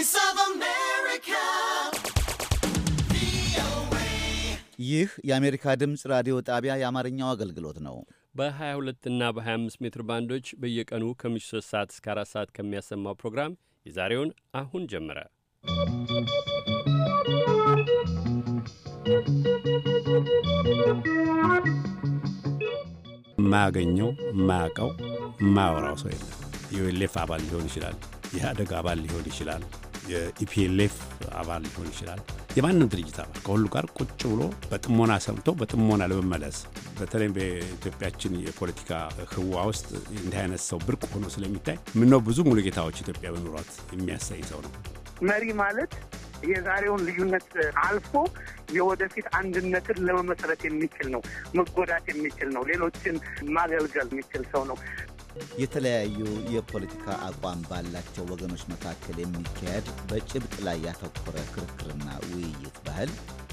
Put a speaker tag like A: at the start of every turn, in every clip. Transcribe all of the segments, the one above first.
A: Voice
B: ይህ የአሜሪካ ድምፅ ራዲዮ ጣቢያ የአማርኛው አገልግሎት ነው።
C: በ22 እና በ25 ሜትር ባንዶች በየቀኑ ከ 3 ሰዓት እስከ 4 ሰዓት ከሚያሰማው ፕሮግራም የዛሬውን አሁን ጀመረ።
D: ማያገኘው ማያውቀው ማያወራው ሰው የለም። የወሌፍ አባል ሊሆን ይችላል። የአደግ አባል ሊሆን ይችላል። የኢፒኤልኤፍ አባል ሊሆን ይችላል፣ የማንም ድርጅት አባል ከሁሉ ጋር ቁጭ ብሎ በጥሞና ሰምቶ በጥሞና ለመመለስ በተለይም በኢትዮጵያችን የፖለቲካ ህዋ ውስጥ እንዲህ አይነት ሰው ብርቅ ሆኖ ስለሚታይ ምነው ብዙ ሙሉ ጌታዎች ኢትዮጵያ በኑሯት የሚያሳይ ሰው ነው።
E: መሪ ማለት የዛሬውን ልዩነት አልፎ የወደፊት አንድነትን ለመመስረት የሚችል ነው። መጎዳት የሚችል ነው። ሌሎችን ማገልገል የሚችል ሰው ነው።
B: የተለያዩ የፖለቲካ አቋም ባላቸው ወገኖች መካከል የሚካሄድ በጭብጥ ላይ ያተኮረ ክርክርና ውይይት ባህል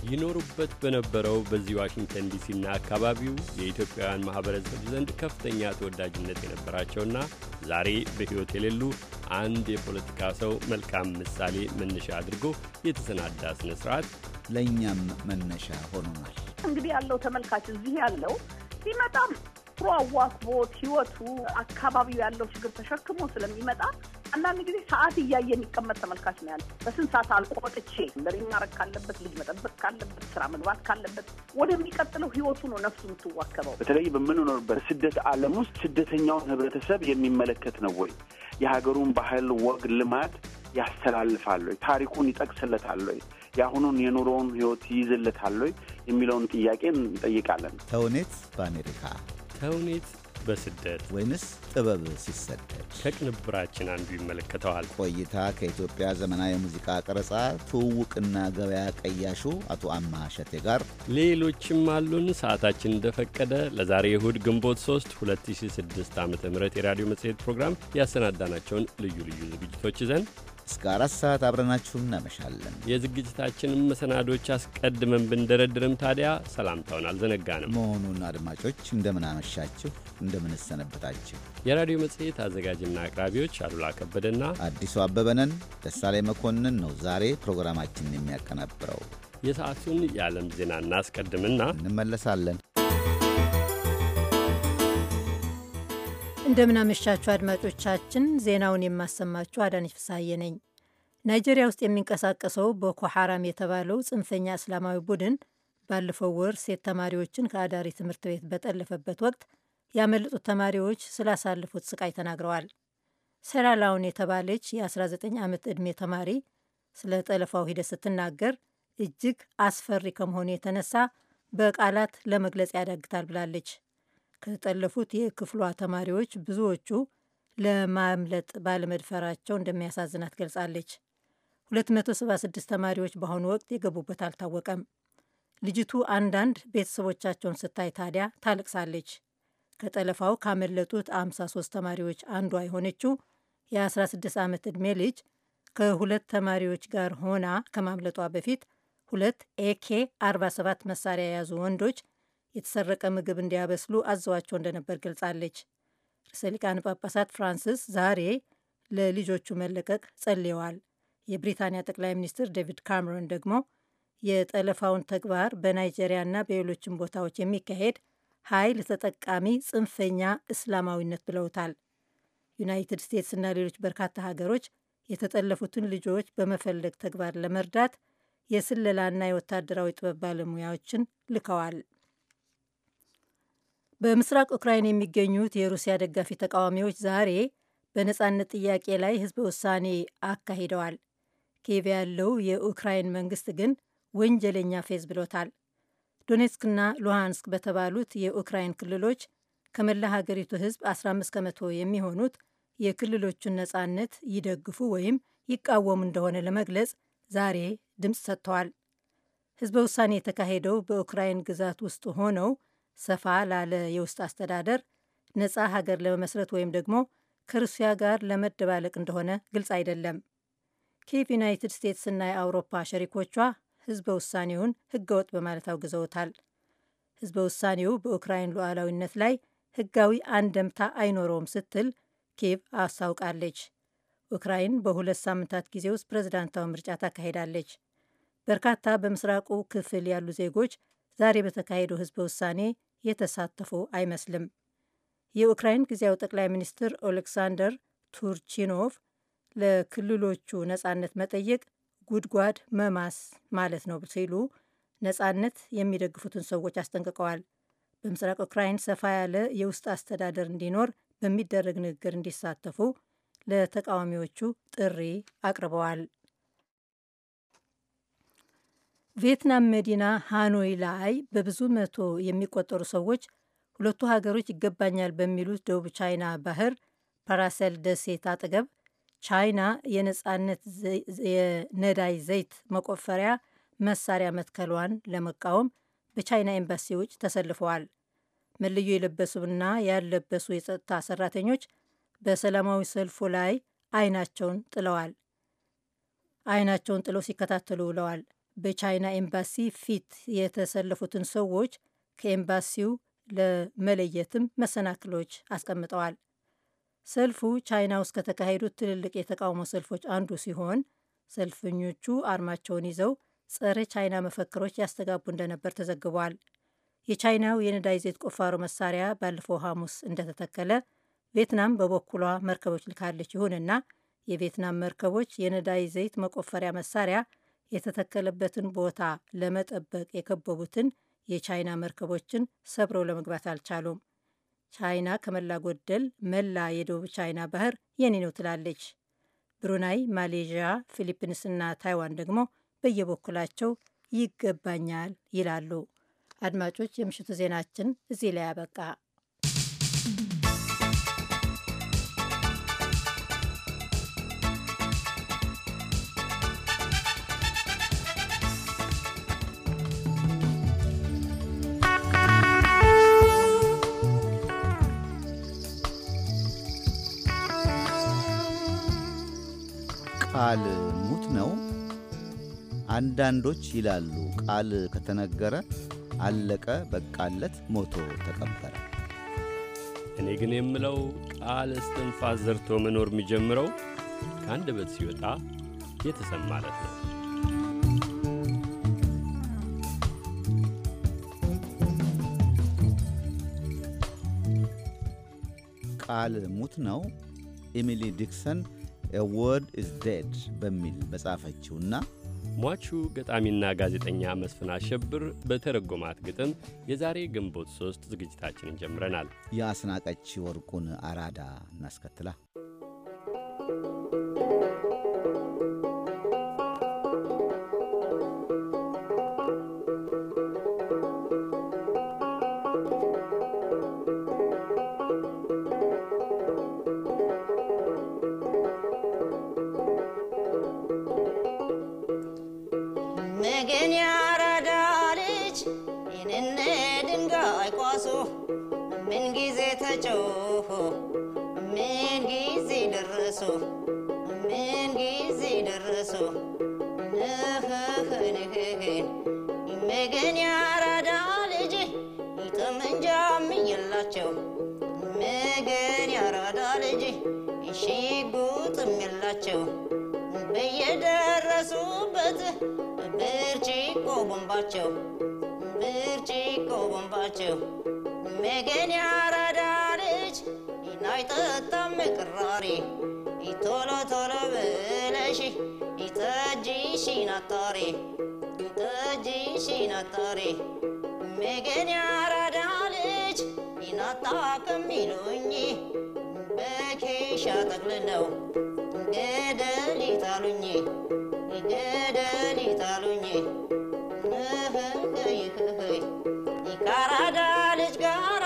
B: ይኖሩበት
C: በነበረው በዚህ ዋሽንግተን ዲሲና አካባቢው የኢትዮጵያውያን ማኅበረሰብ ዘንድ ከፍተኛ ተወዳጅነት የነበራቸውና ዛሬ በሕይወት የሌሉ አንድ የፖለቲካ ሰው መልካም ምሳሌ መነሻ አድርጎ የተሰናዳ ስነ ስርዓት
B: ለእኛም መነሻ
A: ሆኖናል።
F: እንግዲህ ያለው ተመልካች እዚህ ያለው ሲመጣም ወትሮ አዋክቦት ህይወቱ አካባቢው ያለው ችግር ተሸክሞ ስለሚመጣ አንዳንድ ጊዜ ሰዓት እያየ የሚቀመጥ ተመልካች ነው ያለ። በስንት ሰዓት አልቆጥቼ እንደሪ ማድረግ ካለበት፣ ልጅ መጠበቅ ካለበት፣ ስራ መግባት ካለበት ወደሚቀጥለው ህይወቱ ነው ነፍሱ የምትዋከበው። በተለይ
G: በምንኖርበት ስደት ዓለም ውስጥ ስደተኛውን ህብረተሰብ የሚመለከት ነው ወይ? የሀገሩን ባህል፣ ወግ፣ ልማድ ያስተላልፋል ወይ? ታሪኩን ይጠቅስለታል ወይ? የአሁኑን የኑሮውን ህይወት ይይዝለታል ወይ የሚለውን ጥያቄ እንጠይቃለን።
B: ተውኔት በአሜሪካ ተውኔት በስደት ወይንስ ጥበብ ሲሰደድ ከቅንብራችን አንዱ ይመለከተዋል። ቆይታ ከኢትዮጵያ ዘመናዊ የሙዚቃ ቀረጻ ትውውቅና ገበያ ቀያሹ አቶ አማ ሸቴ ጋር
C: ሌሎችም አሉን። ሰዓታችን እንደፈቀደ ለዛሬ እሁድ ግንቦት 3 2006 ዓ ም የራዲዮ መጽሔት ፕሮግራም ያሰናዳናቸውን ልዩ ልዩ ዝግጅቶች ይዘን
B: እስከ አራት ሰዓት አብረናችሁ እናመሻለን።
C: የዝግጅታችንም መሰናዶች አስቀድመን ብንደረድርም ታዲያ ሰላምታውን አልዘነጋንም
B: መሆኑን አድማጮች እንደምናመሻችሁ፣ እንደምንሰነበታችሁ የራዲዮ መጽሔት አዘጋጅና አቅራቢዎች አሉላ ከበደና አዲሱ አበበነን ደሳላይ መኮንን ነው ዛሬ ፕሮግራማችንን የሚያቀናብረው። የሰዓቱን የዓለም ዜና እናስቀድምና እንመለሳለን።
H: እንደምናመሻችሁ አድማጮቻችን፣ ዜናውን የማሰማችሁ አዳነች ፍሳዬ ነኝ። ናይጄሪያ ውስጥ የሚንቀሳቀሰው ቦኮ ሐራም የተባለው ጽንፈኛ እስላማዊ ቡድን ባለፈው ወር ሴት ተማሪዎችን ከአዳሪ ትምህርት ቤት በጠለፈበት ወቅት ያመለጡት ተማሪዎች ስላሳለፉት ስቃይ ተናግረዋል። ሰላላውን የተባለች የ19 ዓመት ዕድሜ ተማሪ ስለ ጠለፋው ሂደት ስትናገር እጅግ አስፈሪ ከመሆኑ የተነሳ በቃላት ለመግለጽ ያዳግታል ብላለች። ከተጠለፉት የክፍሏ ተማሪዎች ብዙዎቹ ለማምለጥ ባለመድፈራቸው እንደሚያሳዝናት ገልጻለች። 276 ተማሪዎች በአሁኑ ወቅት የገቡበት አልታወቀም። ልጅቱ አንዳንድ ቤተሰቦቻቸውን ስታይ ታዲያ ታልቅሳለች። ከጠለፋው ካመለጡት 53 ተማሪዎች አንዷ የሆነችው የ16 ዓመት ዕድሜ ልጅ ከሁለት ተማሪዎች ጋር ሆና ከማምለጧ በፊት ሁለት ኤኬ 47 መሳሪያ የያዙ ወንዶች የተሰረቀ ምግብ እንዲያበስሉ አዘዋቸው እንደነበር ገልጻለች። ርዕሰ ሊቃነ ጳጳሳት ፍራንሲስ ዛሬ ለልጆቹ መለቀቅ ጸልየዋል። የብሪታንያ ጠቅላይ ሚኒስትር ዴቪድ ካምሮን ደግሞ የጠለፋውን ተግባር በናይጄሪያና በሌሎችም ቦታዎች የሚካሄድ ኃይል ተጠቃሚ ጽንፈኛ እስላማዊነት ብለውታል። ዩናይትድ ስቴትስና ሌሎች በርካታ ሀገሮች የተጠለፉትን ልጆች በመፈለግ ተግባር ለመርዳት የስለላና የወታደራዊ ጥበብ ባለሙያዎችን ልከዋል። በምስራቅ ኡክራይን የሚገኙት የሩሲያ ደጋፊ ተቃዋሚዎች ዛሬ በነጻነት ጥያቄ ላይ ህዝበ ውሳኔ አካሂደዋል። ኪየቭ ያለው የኡክራይን መንግስት ግን ወንጀለኛ ፌዝ ብሎታል። ዶኔትስክና ሉሃንስክ በተባሉት የኡክራይን ክልሎች ከመላ ሀገሪቱ ህዝብ 15 ከመቶ የሚሆኑት የክልሎቹን ነጻነት ይደግፉ ወይም ይቃወሙ እንደሆነ ለመግለጽ ዛሬ ድምፅ ሰጥተዋል። ህዝበ ውሳኔ የተካሄደው በኡክራይን ግዛት ውስጥ ሆነው ሰፋ ላለ የውስጥ አስተዳደር ነፃ ሀገር ለመመስረት ወይም ደግሞ ከሩሲያ ጋር ለመደባለቅ እንደሆነ ግልጽ አይደለም። ኬቭ ዩናይትድ ስቴትስና የአውሮፓ ሸሪኮቿ ህዝበ ውሳኔውን ህገወጥ በማለት አውግዘውታል። ህዝበ ውሳኔው በኡክራይን ሉዓላዊነት ላይ ህጋዊ አንደምታ አይኖረውም ስትል ኬቭ አስታውቃለች። ኡክራይን በሁለት ሳምንታት ጊዜ ውስጥ ፕሬዝዳንታዊ ምርጫ ታካሂዳለች። በርካታ በምስራቁ ክፍል ያሉ ዜጎች ዛሬ በተካሄደው ህዝበ ውሳኔ የተሳተፉ አይመስልም። የዩክራይን ጊዜያዊ ጠቅላይ ሚኒስትር ኦሌክሳንደር ቱርቺኖቭ ለክልሎቹ ነጻነት መጠየቅ ጉድጓድ መማስ ማለት ነው ሲሉ ነጻነት የሚደግፉትን ሰዎች አስጠንቅቀዋል። በምስራቅ ዩክራይን ሰፋ ያለ የውስጥ አስተዳደር እንዲኖር በሚደረግ ንግግር እንዲሳተፉ ለተቃዋሚዎቹ ጥሪ አቅርበዋል። ቪየትናም መዲና ሃኖይ ላይ በብዙ መቶ የሚቆጠሩ ሰዎች ሁለቱ ሀገሮች ይገባኛል በሚሉት ደቡብ ቻይና ባህር ፓራሰል ደሴት አጠገብ ቻይና የነጻነት የነዳጅ ዘይት መቆፈሪያ መሳሪያ መትከሏን ለመቃወም በቻይና ኤምባሲዎች ተሰልፈዋል። መለዮ የለበሱና ያልለበሱ የጸጥታ ሰራተኞች በሰላማዊ ሰልፉ ላይ አይናቸውን ጥለዋል አይናቸውን ጥለው ሲከታተሉ ውለዋል። በቻይና ኤምባሲ ፊት የተሰለፉትን ሰዎች ከኤምባሲው ለመለየትም መሰናክሎች አስቀምጠዋል። ሰልፉ ቻይና ውስጥ ከተካሄዱት ትልልቅ የተቃውሞ ሰልፎች አንዱ ሲሆን ሰልፈኞቹ አርማቸውን ይዘው ጸረ ቻይና መፈክሮች ያስተጋቡ እንደነበር ተዘግቧል። የቻይናው የነዳጅ ዘይት ቁፋሮ መሳሪያ ባለፈው ሐሙስ እንደተተከለ ቪየትናም በበኩሏ መርከቦች ልካለች። ይሁንና የቪየትናም መርከቦች የነዳጅ ዘይት መቆፈሪያ መሳሪያ የተተከለበትን ቦታ ለመጠበቅ የከበቡትን የቻይና መርከቦችን ሰብረው ለመግባት አልቻሉም። ቻይና ከመላ ጎደል መላ የደቡብ ቻይና ባህር የኔ ነው ትላለች። ብሩናይ፣ ማሌዥያ፣ ፊሊፒንስና ታይዋን ደግሞ በየበኩላቸው ይገባኛል ይላሉ። አድማጮች፣ የምሽቱ ዜናችን እዚህ ላይ አበቃ።
B: ቃል ሙት ነው? አንዳንዶች ይላሉ ቃል ከተነገረ አለቀ በቃለት ሞቶ ተቀበረ። እኔ ግን
C: የምለው ቃል እስትንፋስ ዘርቶ መኖር የሚጀምረው ከአንድ በት ሲወጣ የተሰማለት ነው።
B: ቃል ሙት ነው። ኤሚሊ ዲክሰን ወርድ ኢዝ ዴድ በሚል በጻፈችውና
C: ሟቹ ገጣሚና ጋዜጠኛ መስፍን አሸብር በተረጎማት ግጥም የዛሬ ግንቦት ሶስት ዝግጅታችንን ጀምረናል።
B: የአስናቀች ወርቁን አራዳ እናስከትላ።
I: ናቸው በየደረሱበት ብርጭቆ ቦምባቸው ብርጭቆ ቦምባቸው መገን ያረዳ ልጅ አይጠጣም ቅራሪ ቶሎ ቶሎ ብለሽ ጠጅሽን አጣሪ ጠጅሽን አጣሪ መገን ያረዳ ልጅ ይናጣቅም ይሉኝ በኬሻ ጠቅልለው ገደሊት አሉኝ ገደሊት አሉኝ ይህህይ ከአራዳ ልጅ ጋራ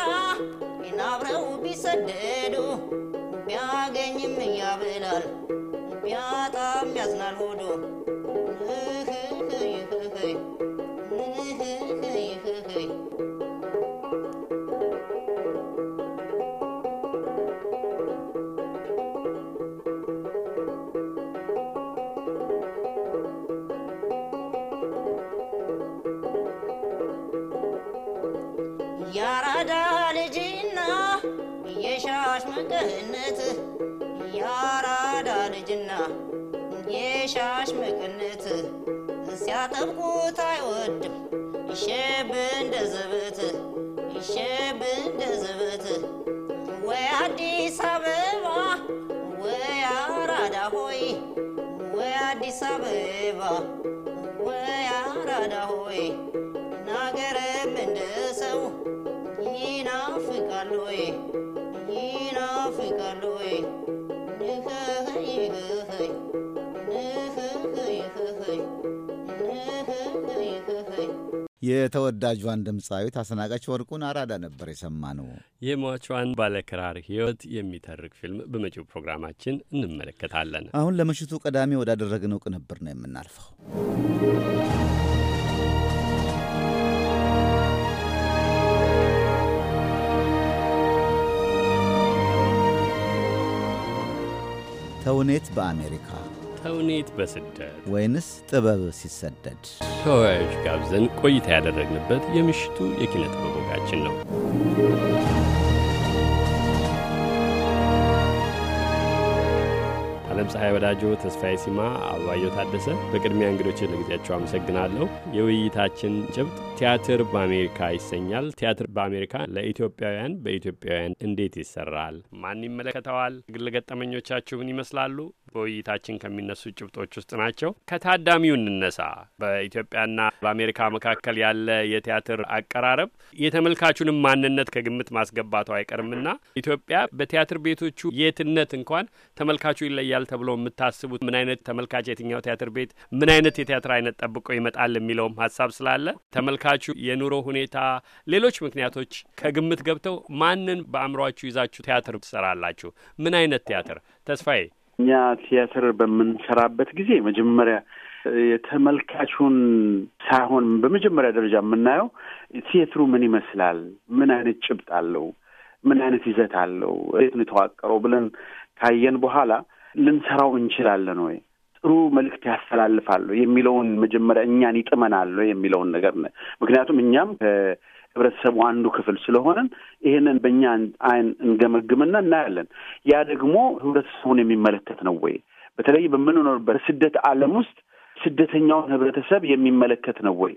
I: አብረው ቢሰደዱ ቢያገኝም ያብላል ቢያጣም ያዝናል ሆዱ ጀግንነትህ የአራዳ ልጅና የሻሽ ምቅነትህ ሲያጠብቁት አይወድም ይሸብ እንደ ዘበትህ ይሸብ እንደ ዘበትህ ወይ አዲስ አበባ ወይ አራዳ ሆይ ወይ አዲስ አበባ ወይ አራዳ ሆይ ናገርም እንደ ሰው ይናፍቃል ወይ
B: የተወዳጇን ድምፃዊት አስናቀች ወርቁን አራዳ ነበር የሰማነው።
C: የሟቿን ባለክራር ሕይወት የሚተርክ ፊልም በመጪው ፕሮግራማችን እንመለከታለን።
B: አሁን ለምሽቱ ቀዳሚ ወዳደረግነው ቅንብር ነው የምናልፈው። ተውኔት በአሜሪካ
C: ተውኔት በስደት
B: ወይንስ ጥበብ ሲሰደድ ተወያዮች ጋብዘን ቆይታ ያደረግንበት
C: የምሽቱ የኪነ ጥበብ ወጋችን ነው። ፀሐይ ወዳጆ፣ ተስፋዬ ሲማ፣ አበባየው ታደሰ በቅድሚያ እንግዶች ለጊዜያቸው አመሰግናለሁ። የውይይታችን ጭብጥ ቲያትር በአሜሪካ ይሰኛል። ቲያትር በአሜሪካ ለኢትዮጵያውያን በኢትዮጵያውያን እንዴት ይሰራል? ማን ይመለከተዋል? ግል ገጠመኞቻችሁ ምን ይመስላሉ? በውይይታችን ከሚነሱ ጭብጦች ውስጥ ናቸው። ከታዳሚው እንነሳ። በኢትዮጵያና በአሜሪካ መካከል ያለ የቲያትር አቀራረብ የተመልካቹንም ማንነት ከግምት ማስገባቱ አይቀርምና ኢትዮጵያ በቲያትር ቤቶቹ የትነት እንኳን ተመልካቹ ይለያል ተብሎ የምታስቡት ምን አይነት ተመልካች የትኛው ቲያትር ቤት ምን አይነት የቲያትር አይነት ጠብቆ ይመጣል የሚለውም ሀሳብ ስላለ ተመልካቹ የኑሮ ሁኔታ፣ ሌሎች ምክንያቶች ከግምት ገብተው ማንን በአእምሯችሁ ይዛችሁ ቲያትር ትሰራላችሁ? ምን አይነት ቲያትር? ተስፋዬ
G: እኛ ቲያትር በምንሰራበት ጊዜ መጀመሪያ የተመልካቹን ሳይሆን በመጀመሪያ ደረጃ የምናየው ቲያትሩ ምን ይመስላል፣ ምን አይነት ጭብጥ አለው፣ ምን አይነት ይዘት አለው፣ እንዴት ነው የተዋቀረው ብለን ካየን በኋላ ልንሰራው እንችላለን ወይ ጥሩ መልእክት ያስተላልፋሉ የሚለውን መጀመሪያ እኛን ይጥመናሉ የሚለውን ነገር ምክንያቱም እኛም ህብረተሰቡ አንዱ ክፍል ስለሆነን ይህንን በእኛ አይን እንገመግምና እናያለን። ያ ደግሞ ህብረተሰቡን የሚመለከት ነው ወይ? በተለይ በምንኖርበት ስደት ዓለም ውስጥ ስደተኛውን ህብረተሰብ የሚመለከት ነው ወይ?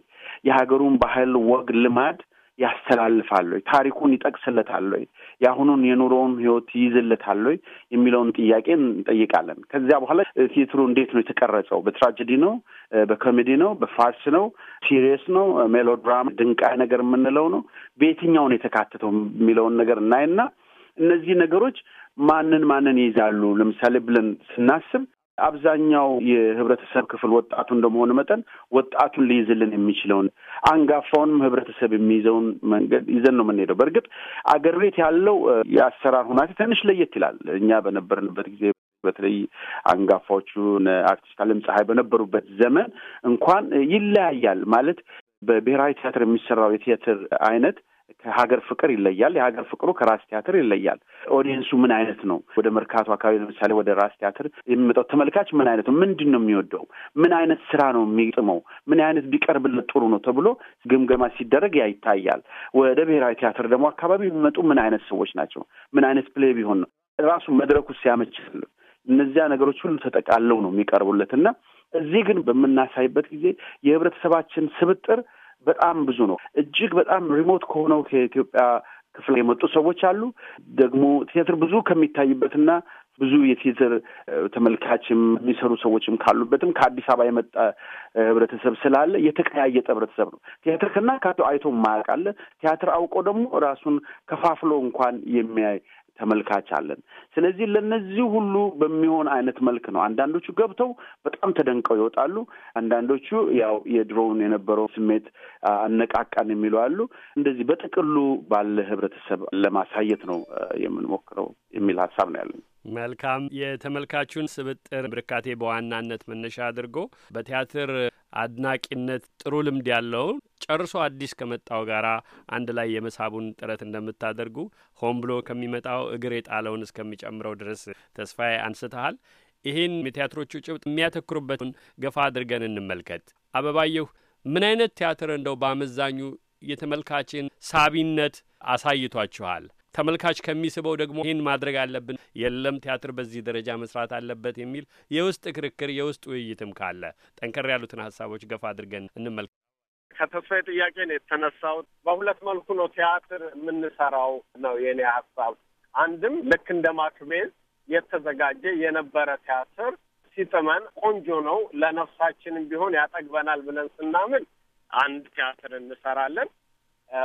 G: የሀገሩን ባህል፣ ወግ፣ ልማድ ያስተላልፋል ወይ? ታሪኩን ይጠቅስለታል ወይ? የአሁኑን የኑሮውን ህይወት ይይዝለታል ወይ? የሚለውን ጥያቄ እንጠይቃለን። ከዚያ በኋላ ቲያትሩ እንዴት ነው የተቀረጸው? በትራጀዲ ነው? በኮሜዲ ነው? በፋርስ ነው? ሲሪየስ ነው? ሜሎድራማ ድንቃይ ነገር የምንለው ነው? በየትኛው ነው የተካተተው የሚለውን ነገር እናይና እነዚህ ነገሮች ማንን ማንን ይይዛሉ? ለምሳሌ ብለን ስናስብ አብዛኛው የህብረተሰብ ክፍል ወጣቱ እንደመሆኑ መጠን ወጣቱን ሊይዝልን የሚችለውን አንጋፋውንም ህብረተሰብ የሚይዘውን መንገድ ይዘን ነው የምንሄደው። በእርግጥ አገር ቤት ያለው የአሰራር ሁናቴ ትንሽ ለየት ይላል። እኛ በነበርንበት ጊዜ በተለይ አንጋፋዎቹ አርቲስት አለም ፀሐይ በነበሩበት ዘመን እንኳን ይለያያል ማለት በብሔራዊ ቲያትር የሚሰራው የቲያትር አይነት ከሀገር ፍቅር ይለያል። የሀገር ፍቅሩ ከራስ ቲያትር ይለያል። ኦዲየንሱ ምን አይነት ነው? ወደ መርካቶ አካባቢ ለምሳሌ ወደ ራስ ቲያትር የሚመጣው ተመልካች ምን አይነት ነው? ምንድን ነው የሚወደው? ምን አይነት ስራ ነው የሚጥመው? ምን አይነት ቢቀርብለት ጥሩ ነው ተብሎ ግምገማ ሲደረግ ያ ይታያል። ወደ ብሔራዊ ቲያትር ደግሞ አካባቢ የሚመጡ ምን አይነት ሰዎች ናቸው? ምን አይነት ፕሌይ ቢሆን ነው ራሱ መድረኩ ሲያመችል እነዚያ ነገሮች ሁሉ ተጠቃለው ነው የሚቀርቡለት እና እዚህ ግን በምናሳይበት ጊዜ የህብረተሰባችን ስብጥር በጣም ብዙ ነው። እጅግ በጣም ሪሞት ከሆነው ከኢትዮጵያ ክፍል የመጡ ሰዎች አሉ። ደግሞ ቲያትር ብዙ ከሚታይበትና ብዙ የቲያትር ተመልካችም የሚሰሩ ሰዎችም ካሉበትም ከአዲስ አበባ የመጣ ህብረተሰብ ስላለ የተቀያየጠ ህብረተሰብ ነው። ቲያትር ከና አይቶ ማያውቅ አለ። ቲያትር አውቆ ደግሞ ራሱን ከፋፍሎ እንኳን የሚያይ ተመልካች አለን። ስለዚህ ለነዚህ ሁሉ በሚሆን አይነት መልክ ነው። አንዳንዶቹ ገብተው በጣም ተደንቀው ይወጣሉ። አንዳንዶቹ ያው የድሮውን የነበረው ስሜት አነቃቃን የሚሉ አሉ። እንደዚህ በጥቅሉ ባለ ህብረተሰብ ለማሳየት ነው የምንሞክረው የሚል ሀሳብ ነው ያለን።
C: መልካም የተመልካቹን ስብጥር ብርካቴ በዋናነት መነሻ አድርጎ በቲያትር አድናቂነት ጥሩ ልምድ ያለውን ጨርሶ አዲስ ከመጣው ጋር አንድ ላይ የመሳቡን ጥረት እንደምታደርጉ ሆን ብሎ ከሚመጣው እግር የጣለውን እስከሚጨምረው ድረስ ተስፋዬ አንስተሃል። ይህን የቲያትሮቹ ጭብጥ የሚያተኩሩበትን ገፋ አድርገን እንመልከት። አበባየሁ፣ ምን አይነት ቲያትር እንደው በአመዛኙ የተመልካችን ሳቢነት አሳይቷችኋል? ተመልካች ከሚስበው ደግሞ ይህን ማድረግ አለብን፣ የለም ቲያትር በዚህ ደረጃ መስራት አለበት የሚል የውስጥ ክርክር፣ የውስጥ ውይይትም ካለ ጠንከር ያሉትን ሀሳቦች ገፋ አድርገን እንመልከት።
J: ከተስፋዬ ጥያቄ ነው የተነሳሁት። በሁለት መልኩ ነው ቲያትር የምንሰራው ነው የኔ ሀሳብ። አንድም ልክ እንደ ማክቤዝ የተዘጋጀ የነበረ ቲያትር ሲጥመን ቆንጆ ነው ለነፍሳችንም ቢሆን ያጠግበናል ብለን ስናምን አንድ ቲያትር እንሰራለን።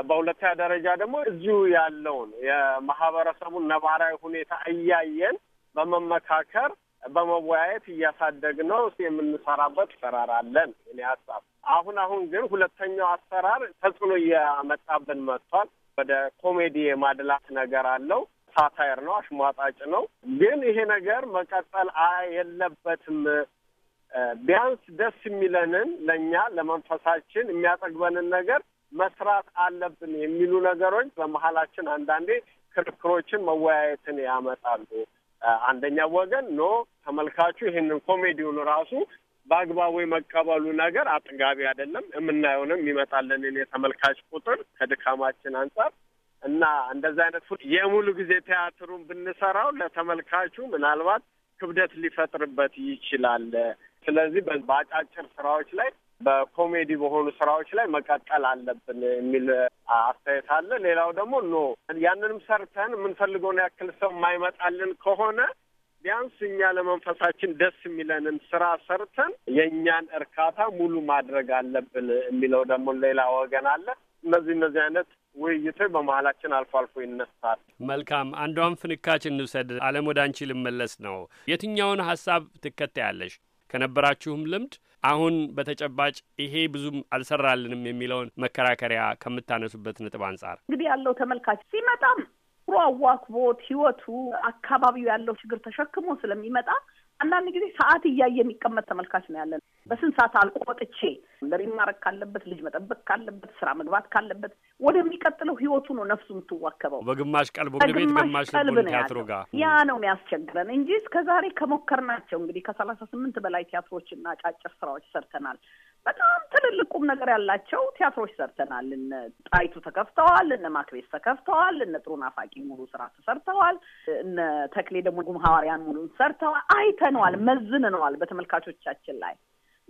J: በሁለተኛ ደረጃ ደግሞ እዚሁ ያለውን የማህበረሰቡን ነባራዊ ሁኔታ እያየን በመመካከር በመወያየት እያሳደግ ነው እስ የምንሰራበት አሰራር አለን። እኔ ሀሳብ አሁን አሁን ግን ሁለተኛው አሰራር ተጽዕኖ እያመጣብን መጥቷል። ወደ ኮሜዲ የማድላት ነገር አለው። ሳታየር ነው፣ አሽሟጣጭ ነው። ግን ይሄ ነገር መቀጠል የለበትም። ቢያንስ ደስ የሚለንን ለእኛ ለመንፈሳችን የሚያጠግበንን ነገር መስራት አለብን የሚሉ ነገሮች በመሀላችን አንዳንዴ ክርክሮችን፣ መወያየትን ያመጣሉ። አንደኛው ወገን ኖ ተመልካቹ ይህንን ኮሜዲውን ራሱ በአግባቡ የመቀበሉ ነገር አጥጋቢ አይደለም። የምናየውንም ይመጣልንን የተመልካች ቁጥር ከድካማችን አንጻር እና እንደዚህ አይነት የሙሉ ጊዜ ቲያትሩን ብንሰራው ለተመልካቹ ምናልባት ክብደት ሊፈጥርበት ይችላል። ስለዚህ በአጫጭር ስራዎች ላይ በኮሜዲ በሆኑ ስራዎች ላይ መቀጠል አለብን የሚል አስተያየት አለ። ሌላው ደግሞ ኖ ያንንም ሰርተን የምንፈልገውን ያክል ሰው የማይመጣልን ከሆነ ቢያንስ እኛ ለመንፈሳችን ደስ የሚለንን ስራ ሰርተን የእኛን እርካታ ሙሉ ማድረግ አለብን የሚለው ደግሞ ሌላ ወገን አለ። እነዚህ እነዚህ አይነት ውይይቶች በመሀላችን አልፎ አልፎ ይነሳል።
C: መልካም አንዷን ፍንካች እንውሰድ። አለም ወደ አንቺ ልመለስ ነው። የትኛውን ሀሳብ ትከታያለሽ? ከነበራችሁም ልምድ አሁን በተጨባጭ ይሄ ብዙም አልሰራልንም የሚለውን መከራከሪያ ከምታነሱበት ነጥብ አንጻር
F: እንግዲህ ያለው ተመልካች ሲመጣም ኑሮ አዋክቦት ህይወቱ አካባቢው ያለው ችግር ተሸክሞ ስለሚመጣ አንዳንድ ጊዜ ሰዓት እያየ የሚቀመጥ ተመልካች ነው ያለን። በስንት ሰዓት ለሚማረክ ካለበት ልጅ መጠበቅ ካለበት ስራ መግባት ካለበት ወደሚቀጥለው ህይወቱ ነው ነፍሱ የምትዋከበው።
C: በግማሽ ቀልብ ወደ ቤት ግማሽ ልብ ቲያትሮ ጋር ያ
F: ነው የሚያስቸግረን እንጂ እስከ ዛሬ ከሞከር ናቸው እንግዲህ ከሰላሳ ስምንት በላይ ቲያትሮች እና ጫጭር ስራዎች ሰርተናል። በጣም ትልልቅ ቁም ነገር ያላቸው ቲያትሮች ሰርተናል። እነ ጣይቱ ተከፍተዋል፣ እነ ማክቤስ ተከፍተዋል፣ እነ ጥሩ ናፋቂ ሙሉ ስራ ተሰርተዋል፣ እነ ተክሌ ደግሞ ጉም ሐዋርያን ሙሉን ሰርተዋል። አይተነዋል፣ መዝንነዋል በተመልካቾቻችን ላይ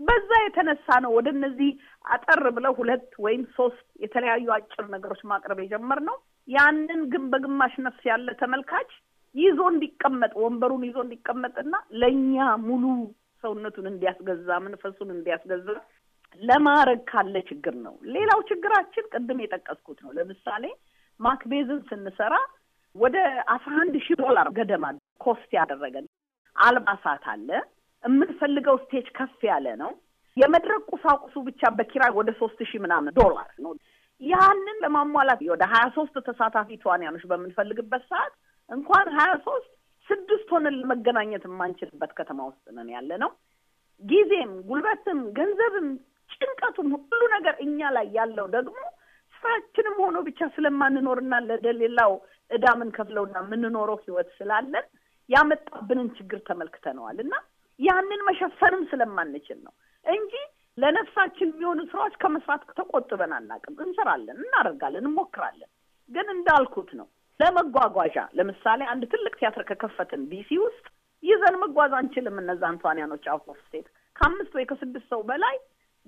F: በዛ የተነሳ ነው ወደ እነዚህ አጠር ብለው ሁለት ወይም ሶስት የተለያዩ አጭር ነገሮች ማቅረብ የጀመርነው። ያንን ግን በግማሽ ነፍስ ያለ ተመልካች ይዞ እንዲቀመጥ ወንበሩን ይዞ እንዲቀመጥና ለእኛ ሙሉ ሰውነቱን እንዲያስገዛ መንፈሱን እንዲያስገዛ ለማድረግ ካለ ችግር ነው። ሌላው ችግራችን ቅድም የጠቀስኩት ነው። ለምሳሌ ማክቤዝን ስንሰራ ወደ አስራ አንድ ሺህ ዶላር ገደማ ኮስት ያደረገን አልባሳት አለ የምንፈልገው ስቴጅ ከፍ ያለ ነው። የመድረክ ቁሳቁሱ ብቻ በኪራይ ወደ ሶስት ሺህ ምናምን ዶላር ነው። ያንን ለማሟላት ወደ ሀያ ሶስት ተሳታፊ ተዋንያኖች በምንፈልግበት ሰዓት እንኳን ሀያ ሶስት ስድስት ሆነን ለመገናኘት የማንችልበት ከተማ ውስጥ ነን ያለ ነው። ጊዜም ጉልበትም ገንዘብም ጭንቀቱም ሁሉ ነገር እኛ ላይ ያለው ደግሞ ስራችንም ሆኖ ብቻ ስለማንኖርና እዳ ዕዳ ከፍለውና የምንኖረው ህይወት ስላለን ያመጣብንን ችግር ተመልክተነዋል እና ያንን መሸፈንም ስለማንችል ነው እንጂ ለነፍሳችን የሚሆኑ ስራዎች ከመስራት ተቆጥበን አናውቅም። እንሰራለን፣ እናደርጋለን፣ እንሞክራለን። ግን እንዳልኩት ነው ለመጓጓዣ ለምሳሌ አንድ ትልቅ ቲያትር ከከፈትን ቢሲ ውስጥ ይዘን መጓዝ አንችልም። እነዛ አንቷንያኖች አውት ኦፍ ስቴት ከአምስት ወይ ከስድስት ሰው በላይ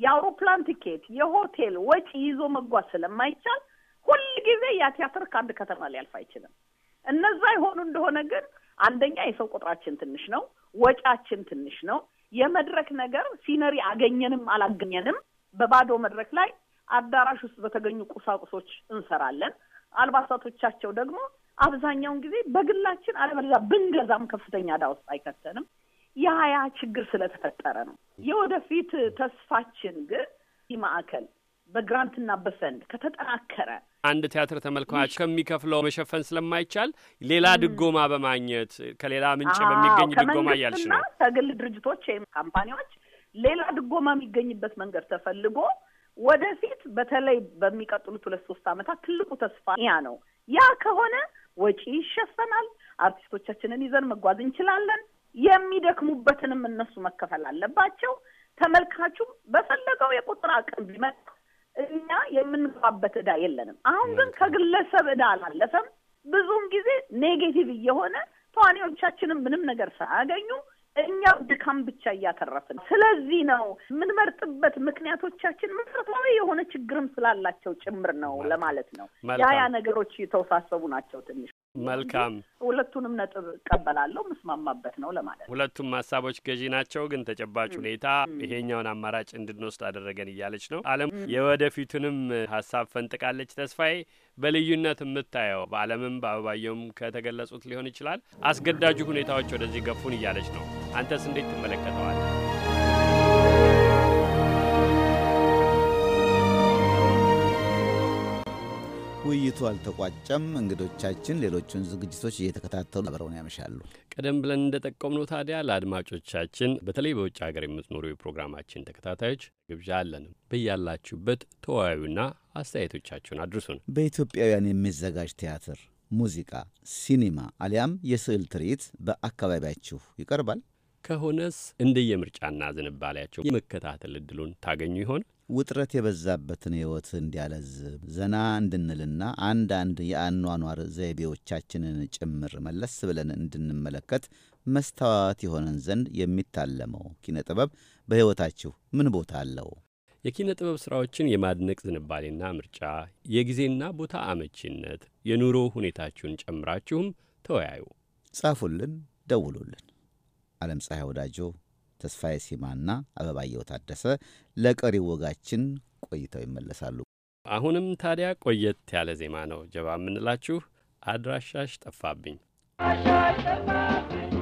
F: የአውሮፕላን ቲኬት፣ የሆቴል ወጪ ይዞ መጓዝ ስለማይቻል ሁል ጊዜ ያ ቲያትር ከአንድ ከተማ ሊያልፍ አይችልም። እነዛ የሆኑ እንደሆነ ግን አንደኛ የሰው ቁጥራችን ትንሽ ነው። ወጫችን ትንሽ ነው። የመድረክ ነገር ሲነሪ አገኘንም አላገኘንም በባዶ መድረክ ላይ አዳራሽ ውስጥ በተገኙ ቁሳቁሶች እንሰራለን። አልባሳቶቻቸው ደግሞ አብዛኛውን ጊዜ በግላችን አለበለዚያ ብንገዛም ከፍተኛ ዕዳ ውስጥ አይከተንም። ያ ያ ችግር ስለተፈጠረ ነው። የወደፊት ተስፋችን ግን ማዕከል በግራንትና በፈንድ ከተጠናከረ
C: አንድ ቲያትር ተመልካች ከሚከፍለው መሸፈን ስለማይቻል ሌላ ድጎማ በማግኘት ከሌላ ምንጭ በሚገኝ ድጎማ እያልሽ ነው።
F: ከግል ድርጅቶች ወይም ካምፓኒዎች ሌላ ድጎማ የሚገኝበት መንገድ ተፈልጎ ወደፊት በተለይ በሚቀጥሉት ሁለት ሶስት ዓመታት ትልቁ ተስፋ ያ ነው። ያ ከሆነ ወጪ ይሸፈናል። አርቲስቶቻችንን ይዘን መጓዝ እንችላለን። የሚደክሙበትንም እነሱ መከፈል አለባቸው። ተመልካቹም በፈለገው የቁጥር አቅም ቢመጣ እኛ የምንገባበት እዳ የለንም። አሁን ግን ከግለሰብ እዳ አላለፈም። ብዙውን ጊዜ ኔጌቲቭ እየሆነ ተዋኒዎቻችንም ምንም ነገር ሳያገኙ እኛ ድካም ብቻ እያተረፍን። ስለዚህ ነው የምንመርጥበት ምክንያቶቻችን መሰረታዊ የሆነ ችግርም ስላላቸው ጭምር ነው ለማለት ነው። ያ ያ ነገሮች የተወሳሰቡ ናቸው ትንሽ መልካም ሁለቱንም ነጥብ እቀበላለሁ፣ ምስማማበት ነው ለማለት
C: ሁለቱም ሀሳቦች ገዢ ናቸው፣ ግን ተጨባጭ ሁኔታ ይሄኛውን አማራጭ እንድንወስድ አደረገን እያለች ነው አለም የወደፊቱንም ሀሳብ ፈንጥቃለች። ተስፋዬ በልዩነት የምታየው በአለምም በአበባየውም ከተገለጹት ሊሆን ይችላል አስገዳጁ ሁኔታዎች ወደዚህ ገፉን እያለች ነው። አንተስ እንዴት ትመለከተዋል?
B: ውይይቱ አልተቋጨም። እንግዶቻችን ሌሎቹን ዝግጅቶች እየተከታተሉ አብረውን ያመሻሉ።
C: ቀደም ብለን እንደጠቆምነው ታዲያ ለአድማጮቻችን በተለይ በውጭ ሀገር የምትኖሩ የፕሮግራማችን ተከታታዮች ግብዣ አለን። በያላችሁበት ተወያዩና አስተያየቶቻችሁን
B: አድርሱን። በኢትዮጵያውያን የሚዘጋጅ ቲያትር፣ ሙዚቃ፣ ሲኒማ አሊያም የስዕል ትርኢት በአካባቢያችሁ
C: ይቀርባል? ከሆነስ እንደየምርጫና ዝንባሌያቸው የመከታተል እድሉን ታገኙ
B: ይሆን? ውጥረት የበዛበትን ሕይወት እንዲያለዝብ ዘና እንድንልና አንዳንድ የአኗኗር ዘይቤዎቻችንን ጭምር መለስ ብለን እንድንመለከት መስታወት የሆነን ዘንድ የሚታለመው ኪነ ጥበብ በሕይወታችሁ ምን ቦታ አለው?
C: የኪነ ጥበብ ሥራዎችን የማድነቅ ዝንባሌና ምርጫ፣ የጊዜና ቦታ አመቺነት፣ የኑሮ ሁኔታችሁን ጨምራችሁም ተወያዩ።
B: ጻፉልን፣ ደውሉልን። ዓለም ፀሐይ ወዳጆ፣ ተስፋዬ ሲማና አበባየው ታደሰ ለቀሪው ወጋችን ቆይተው ይመለሳሉ።
C: አሁንም ታዲያ ቆየት ያለ ዜማ ነው ጀባ የምንላችሁ። አድራሻሽ ጠፋብኝ፣ አድራሻሽ ጠፋብኝ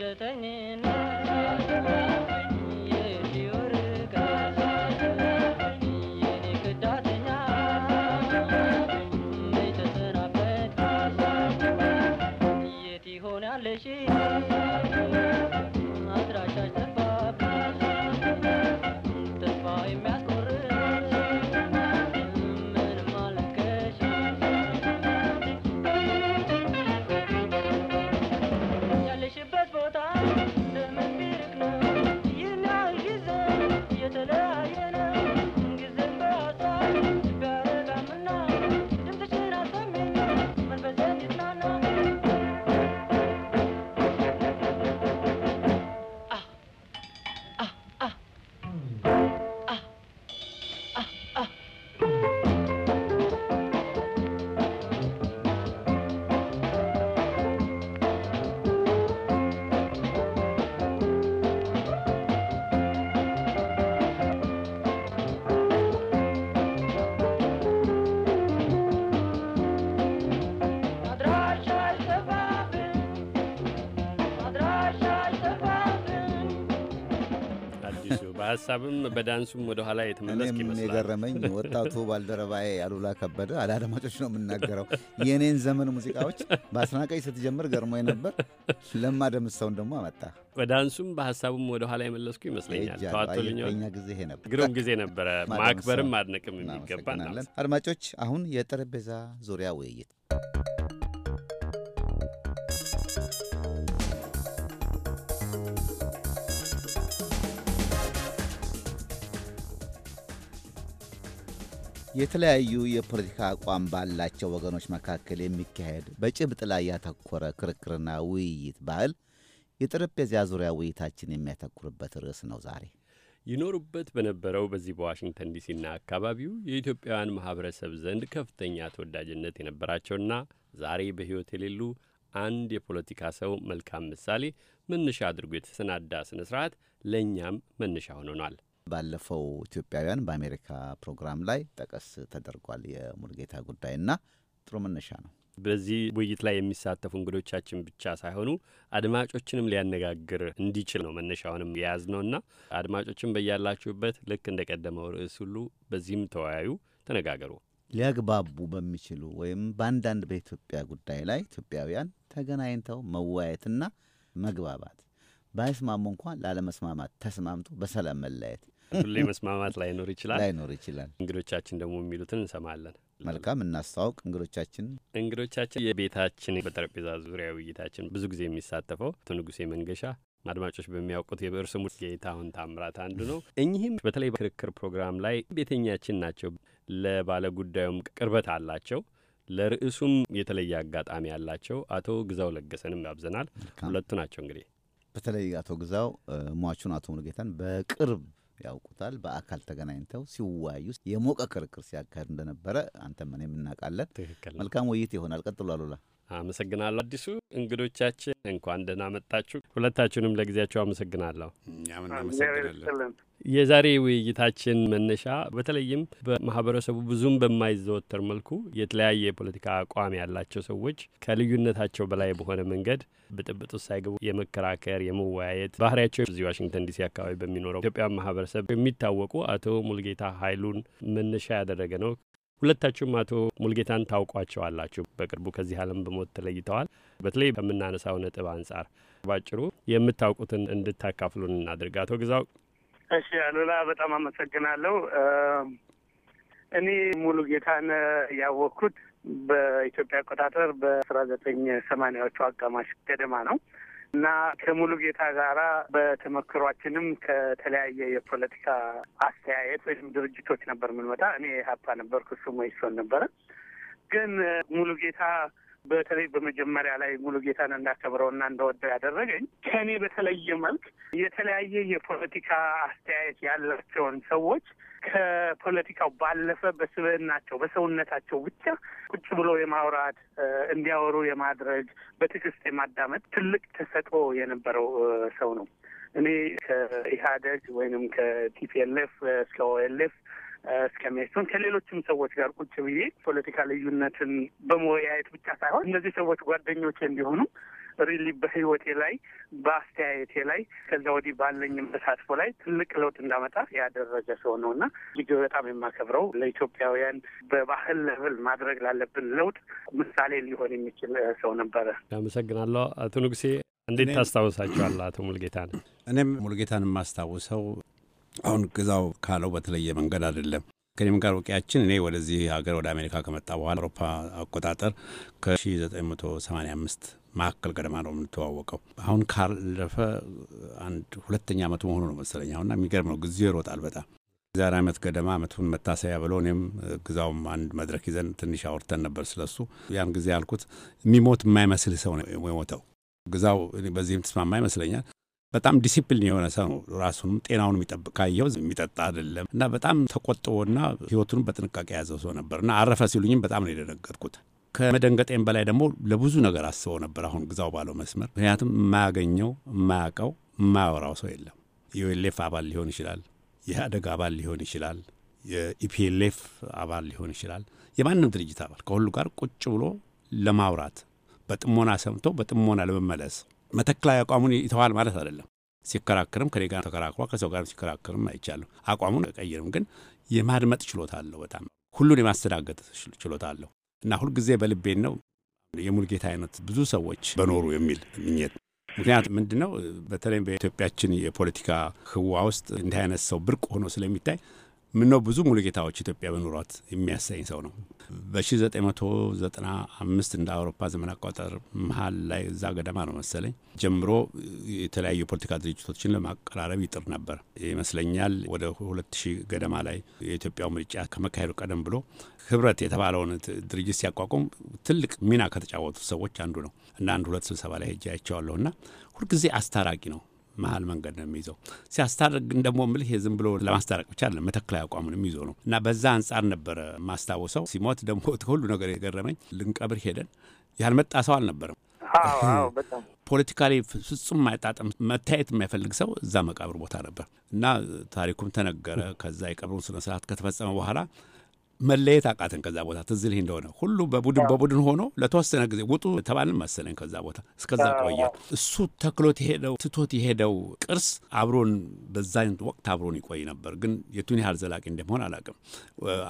A: जतने ना
B: በሀሳብም በዳንሱም ወደኋላ የተመለስክ ይመስላል። የገረመኝ ወጣቱ ባልደረባዬ አሉላ ከበደ አለ አድማጮች ነው የምናገረው የእኔን ዘመን ሙዚቃዎች በአስናቀኝ ስትጀምር ገርሞ ነበር። ለማ ደምሰውን ደግሞ አመጣ።
C: በዳንሱም በሀሳቡም ወደኋላ የመለስኩ ይመስለኛል። ተዋቶልኛ ጊዜ ይሄ ነበር። ግሩም ጊዜ
B: ነበረ። ማክበርም አድነቅም የሚገባ አድማጮች፣ አሁን የጠረጴዛ ዙሪያ ውይይት የተለያዩ የፖለቲካ አቋም ባላቸው ወገኖች መካከል የሚካሄድ በጭብጥ ላይ ያተኮረ ክርክርና ውይይት ባህል የጠረጴዛ ዙሪያ ውይይታችን የሚያተኩርበት ርዕስ ነው ዛሬ።
C: ይኖሩበት በነበረው በዚህ በዋሽንግተን ዲሲና አካባቢው የኢትዮጵያውያን ማህበረሰብ ዘንድ ከፍተኛ ተወዳጅነት የነበራቸውና ዛሬ በሕይወት የሌሉ አንድ የፖለቲካ ሰው መልካም ምሳሌ መነሻ አድርጎ የተሰናዳ ስነ ስርዓት ለእኛም መነሻ ሆኖናል።
B: ባለፈው ኢትዮጵያውያን በአሜሪካ ፕሮግራም ላይ ጠቀስ ተደርጓል የሙልጌታ ጉዳይና ጥሩ መነሻ ነው።
C: በዚህ ውይይት ላይ የሚሳተፉ እንግዶቻችን ብቻ ሳይሆኑ አድማጮችንም ሊያነጋግር እንዲችል ነው መነሻውንም የያዝ ነውና አድማጮችን በያላችሁበት ልክ እንደ ቀደመው ርዕስ ሁሉ በዚህም ተወያዩ፣ ተነጋገሩ።
B: ሊያግባቡ በሚችሉ ወይም በአንዳንድ በኢትዮጵያ ጉዳይ ላይ ኢትዮጵያውያን ተገናኝተው መወያየትና መግባባት ባይስማሙ እንኳን ላለመስማማት ተስማምቶ በሰላም መለያየት
C: ሁሌ መስማማት ላይኖር ይችላል ላይኖር ይችላል። እንግዶቻችን ደግሞ የሚሉትን እንሰማለን።
B: መልካም እናስተዋውቅ። እንግዶቻችን
C: እንግዶቻችን የቤታችን በጠረጴዛ ዙሪያ ውይይታችን ብዙ ጊዜ የሚሳተፈው አቶ ንጉሴ መንገሻ አድማጮች በሚያውቁት የብዕር ስሙ ጌታሁን ታምራት አንዱ ነው። እኚህም በተለይ ክርክር ፕሮግራም ላይ ቤተኛችን ናቸው። ለባለጉዳዩም ቅርበት አላቸው። ለርዕሱም የተለየ አጋጣሚ ያላቸው አቶ ግዛው ለገሰንም ያብዘናል።
B: ሁለቱ ናቸው እንግዲህ በተለይ አቶ ግዛው ሟቹን አቶ ሙሉጌታን በቅርብ ያውቁታል። በአካል ተገናኝተው ሲወያዩ የሞቀ ክርክር ሲያካሄዱ እንደነበረ አንተም እኔም እናውቃለን። መልካም ውይይት ይሆናል። ቀጥሎ አሉላ
C: አመሰግናለሁ። አዲሱ እንግዶቻችን እንኳን ደህና መጣችሁ። ሁለታችሁንም ለጊዜያቸው አመሰግናለሁ።
D: እኛም
B: እናመሰግናለን።
C: የዛሬ ውይይታችን መነሻ በተለይም በማህበረሰቡ ብዙም በማይዘወተር መልኩ የተለያየ የፖለቲካ አቋም ያላቸው ሰዎች ከልዩነታቸው በላይ በሆነ መንገድ ብጥብጥ ሳይገቡ የመከራከር የመወያየት ባህሪያቸው እዚህ ዋሽንግተን ዲሲ አካባቢ በሚኖረው ኢትዮጵያ ማህበረሰብ የሚታወቁ አቶ ሙልጌታ ኃይሉን መነሻ ያደረገ ነው። ሁለታችሁም አቶ ሙልጌታን ታውቋቸዋላችሁ። በቅርቡ ከዚህ ዓለም በሞት ተለይተዋል። በተለይ ከምናነሳው ነጥብ አንጻር ባጭሩ የምታውቁትን እንድታካፍሉን እናድርግ። አቶ ግዛው
A: እሺ
E: አሉላ በጣም አመሰግናለሁ። እኔ ሙሉ ጌታን ያወቅኩት በኢትዮጵያ አቆጣጠር በአስራ ዘጠኝ ሰማንያዎቹ አጋማሽ ገደማ ነው እና ከሙሉ ጌታ ጋራ በተመክሯችንም ከተለያየ የፖለቲካ አስተያየት ወይም ድርጅቶች ነበር የምንመጣ። እኔ ሀፓ ነበርኩ፣ እሱ መይሶን ነበረ። ግን ሙሉ ጌታ በተለይ በመጀመሪያ ላይ እንዳከብረው እንዳከብረውና እንደወደው ያደረገኝ ከእኔ በተለየ መልክ የተለያየ የፖለቲካ አስተያየት ያላቸውን ሰዎች ከፖለቲካው ባለፈ በስብዕናቸው በሰውነታቸው ብቻ ቁጭ ብሎ የማውራት እንዲያወሩ የማድረግ በትዕግስት የማዳመጥ ትልቅ ተሰጥኦ የነበረው ሰው ነው። እኔ ከኢህአደግ ወይንም ከቲፒኤልኤፍ እስከ ኦኤልኤፍ እስከሚያይቱን ከሌሎችም ሰዎች ጋር ቁጭ ብዬ ፖለቲካ ልዩነትን በመወያየት ብቻ ሳይሆን እነዚህ ሰዎች ጓደኞቼ እንዲሆኑ ሪሊ በህይወቴ ላይ በአስተያየቴ ላይ ከዛ ወዲህ ባለኝም ተሳትፎ ላይ ትልቅ ለውጥ እንዳመጣ ያደረገ ሰው ነው እና እጅግ በጣም የማከብረው ለኢትዮጵያውያን በባህል ለብል ማድረግ ላለብን ለውጥ ምሳሌ ሊሆን የሚችል ሰው ነበረ።
C: አመሰግናለሁ። አቶ ንጉሴ
D: እንዴት ታስታውሳቸዋል? አቶ ነ እኔም ሙልጌታን የማስታውሰው አሁን ግዛው ካለው በተለየ መንገድ አይደለም። ከኔም ጋር ወቂያችን እኔ ወደዚህ ሀገር ወደ አሜሪካ ከመጣ በኋላ አውሮፓ አቆጣጠር ከ1985 መካከል ገደማ ነው የምንተዋወቀው። አሁን ካለፈ አንድ ሁለተኛ ዓመቱ መሆኑ ነው መሰለኝ። አሁና የሚገርም ነው፣ ጊዜው ይሮጣል በጣም የዛሬ ዓመት ገደማ ዓመቱን መታሰቢያ ብሎ እኔም ግዛውም አንድ መድረክ ይዘን ትንሽ አውርተን ነበር ስለሱ። ያን ጊዜ ያልኩት የሚሞት የማይመስል ሰው ነው የሞተው። ግዛው በዚህም ትስማማ ይመስለኛል። በጣም ዲሲፕሊን የሆነ ሰው ራሱንም ጤናውን የሚጠብቅ ካየው የሚጠጣ አይደለም እና በጣም ተቆጥቦና ህይወቱን በጥንቃቄ የያዘው ሰው ነበር እና አረፈ ሲሉኝም በጣም ነው የደነገጥኩት። ከመደንገጤም በላይ ደግሞ ለብዙ ነገር አስበው ነበር አሁን ግዛው ባለው መስመር። ምክንያቱም የማያገኘው የማያውቀው የማያወራው ሰው የለም። የዩኤልኤፍ አባል ሊሆን ይችላል፣ የአደግ አባል ሊሆን ይችላል፣ የኢፒኤልኤፍ አባል ሊሆን ይችላል፣ የማንም ድርጅት አባል ከሁሉ ጋር ቁጭ ብሎ ለማውራት በጥሞና ሰምቶ በጥሞና ለመመለስ መተክላዊ አቋሙን ይተዋል ማለት አይደለም። ሲከራከርም ከኔ ጋር ተከራክሯ ከሰው ጋር ሲከራከርም አይቻለሁ። አቋሙን አይቀይርም፣ ግን የማድመጥ ችሎታ አለሁ። በጣም ሁሉን የማስተዳገጥ ችሎታ አለሁ እና ሁልጊዜ በልቤን ነው የሙልጌታ አይነት ብዙ ሰዎች በኖሩ የሚል ምኘት ምክንያቱም ምንድነው በተለይም በኢትዮጵያችን የፖለቲካ ህዋ ውስጥ እንዲህ አይነት ሰው ብርቅ ሆኖ ስለሚታይ ምነው ብዙ ሙሉጌታዎች ኢትዮጵያ በኑሯት የሚያሰኝ ሰው ነው። በ1995 እንደ አውሮፓ ዘመን አቆጣጠር መሀል ላይ እዛ ገደማ ነው መሰለኝ ጀምሮ የተለያዩ የፖለቲካ ድርጅቶችን ለማቀራረብ ይጥር ነበር ይመስለኛል። ወደ 2000 ገደማ ላይ የኢትዮጵያው ምርጫ ከመካሄዱ ቀደም ብሎ ህብረት የተባለውን ድርጅት ሲያቋቁም ትልቅ ሚና ከተጫወቱት ሰዎች አንዱ ነው እና አንድ ሁለት ስብሰባ ላይ ሄጄ አይቼዋለሁ እና ሁልጊዜ አስታራቂ ነው መሀል መንገድ ነው የሚይዘው። ሲያስታርቅ ግን ደግሞ ምልህ የዝም ብሎ ለማስታረቅ ብቻ አለ መተክላዊ አቋሙን የሚይዘው ነው እና በዛ አንጻር ነበረ ማስታወሰው። ሲሞት ደግሞ ሁሉ ነገር የገረመኝ ልንቀብር ሄደን ያልመጣ ሰው አልነበረም። ፖለቲካሊ ፍጹም ማይጣጠም መታየት የማይፈልግ ሰው እዛ መቃብር ቦታ ነበር እና ታሪኩም ተነገረ። ከዛ የቀብሩን ስነስርዓት ከተፈጸመ በኋላ መለየት አቃተን ከዛ ቦታ። ትዝ ይልህ እንደሆነ ሁሉ በቡድን በቡድን ሆኖ ለተወሰነ ጊዜ ውጡ ተባልን መሰለኝ ከዛ ቦታ እስከዛ ቆየ። እሱ ተክሎት የሄደው ትቶት የሄደው ቅርስ አብሮን በዛን ወቅት አብሮን ይቆይ ነበር፣ ግን የቱን ያህል ዘላቂ እንደሚሆን አላውቅም።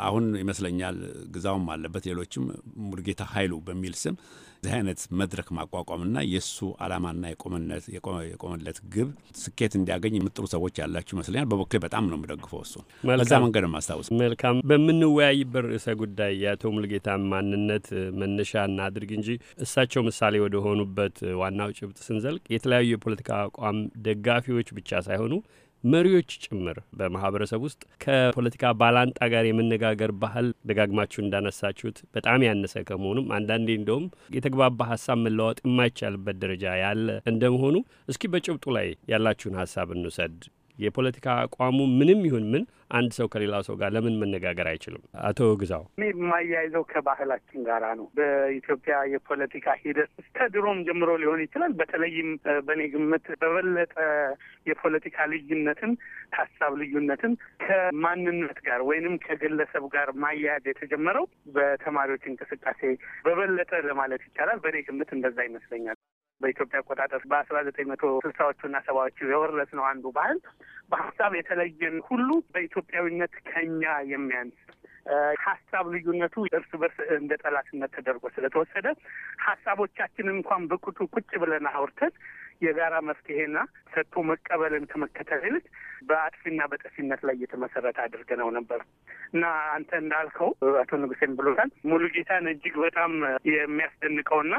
D: አሁን ይመስለኛል ግዛውም አለበት ሌሎችም ሙድጌታ ኃይሉ በሚል ስም እዚህ አይነት መድረክ ማቋቋምና የእሱ አላማና የቆመለት ግብ ስኬት እንዲያገኝ የምጥሩ ሰዎች ያላችሁ ይመስለኛል። በበኩሌ በጣም ነው የምደግፈው። እሱ በዛ መንገድ ማስታወስ መልካም። በምንወያይበት ርዕሰ ጉዳይ የአቶ ሙልጌታ
C: ማንነት መነሻ እናድርግ እንጂ እሳቸው ምሳሌ ወደ ሆኑበት ዋናው ጭብጥ ስንዘልቅ የተለያዩ የፖለቲካ አቋም ደጋፊዎች ብቻ ሳይሆኑ መሪዎች ጭምር በማህበረሰብ ውስጥ ከፖለቲካ ባላንጣ ጋር የመነጋገር ባህል ደጋግማችሁ እንዳነሳችሁት በጣም ያነሰ ከመሆኑም አንዳንዴ እንደውም የተግባባ ሀሳብ መለዋወጥ የማይቻልበት ደረጃ ያለ እንደመሆኑ እስኪ በጭብጡ ላይ ያላችሁን ሀሳብ እንውሰድ። የፖለቲካ አቋሙ ምንም ይሁን ምን አንድ ሰው ከሌላ ሰው ጋር ለምን መነጋገር አይችልም? አቶ ግዛው፣
E: እኔ የማያይዘው ከባህላችን ጋራ ነው። በኢትዮጵያ የፖለቲካ ሂደት እስከ ድሮም ጀምሮ ሊሆን ይችላል። በተለይም በእኔ ግምት በበለጠ የፖለቲካ ልዩነትን ሀሳብ ልዩነትን ከማንነት ጋር ወይንም ከግለሰብ ጋር ማያያዝ የተጀመረው በተማሪዎች እንቅስቃሴ በበለጠ ለማለት ይቻላል። በእኔ ግምት እንደዛ ይመስለኛል። በኢትዮጵያ አቆጣጠር በአስራ ዘጠኝ መቶ እና ሰባዎቹ የወረስ ነው አንዱ ባህል በሀሳብ የተለየን ሁሉ በኢትዮጵያዊነት ከኛ የሚያንስ ሀሳብ ልዩነቱ እርስ በርስ እንደ ጠላትነት ተደርጎ ስለተወሰደ ሀሳቦቻችን እንኳን በቁጡ ቁጭ ብለን አውርተን የጋራ መፍትሄና ሰጥቶ መቀበልን ከመከተል ይልቅ በአጥፊና በጠፊነት ላይ የተመሰረተ አድርገነው ነበር እና አንተ እንዳልከው አቶ ንጉሴን ብሎታል ጌታን እጅግ በጣም የሚያስደንቀውና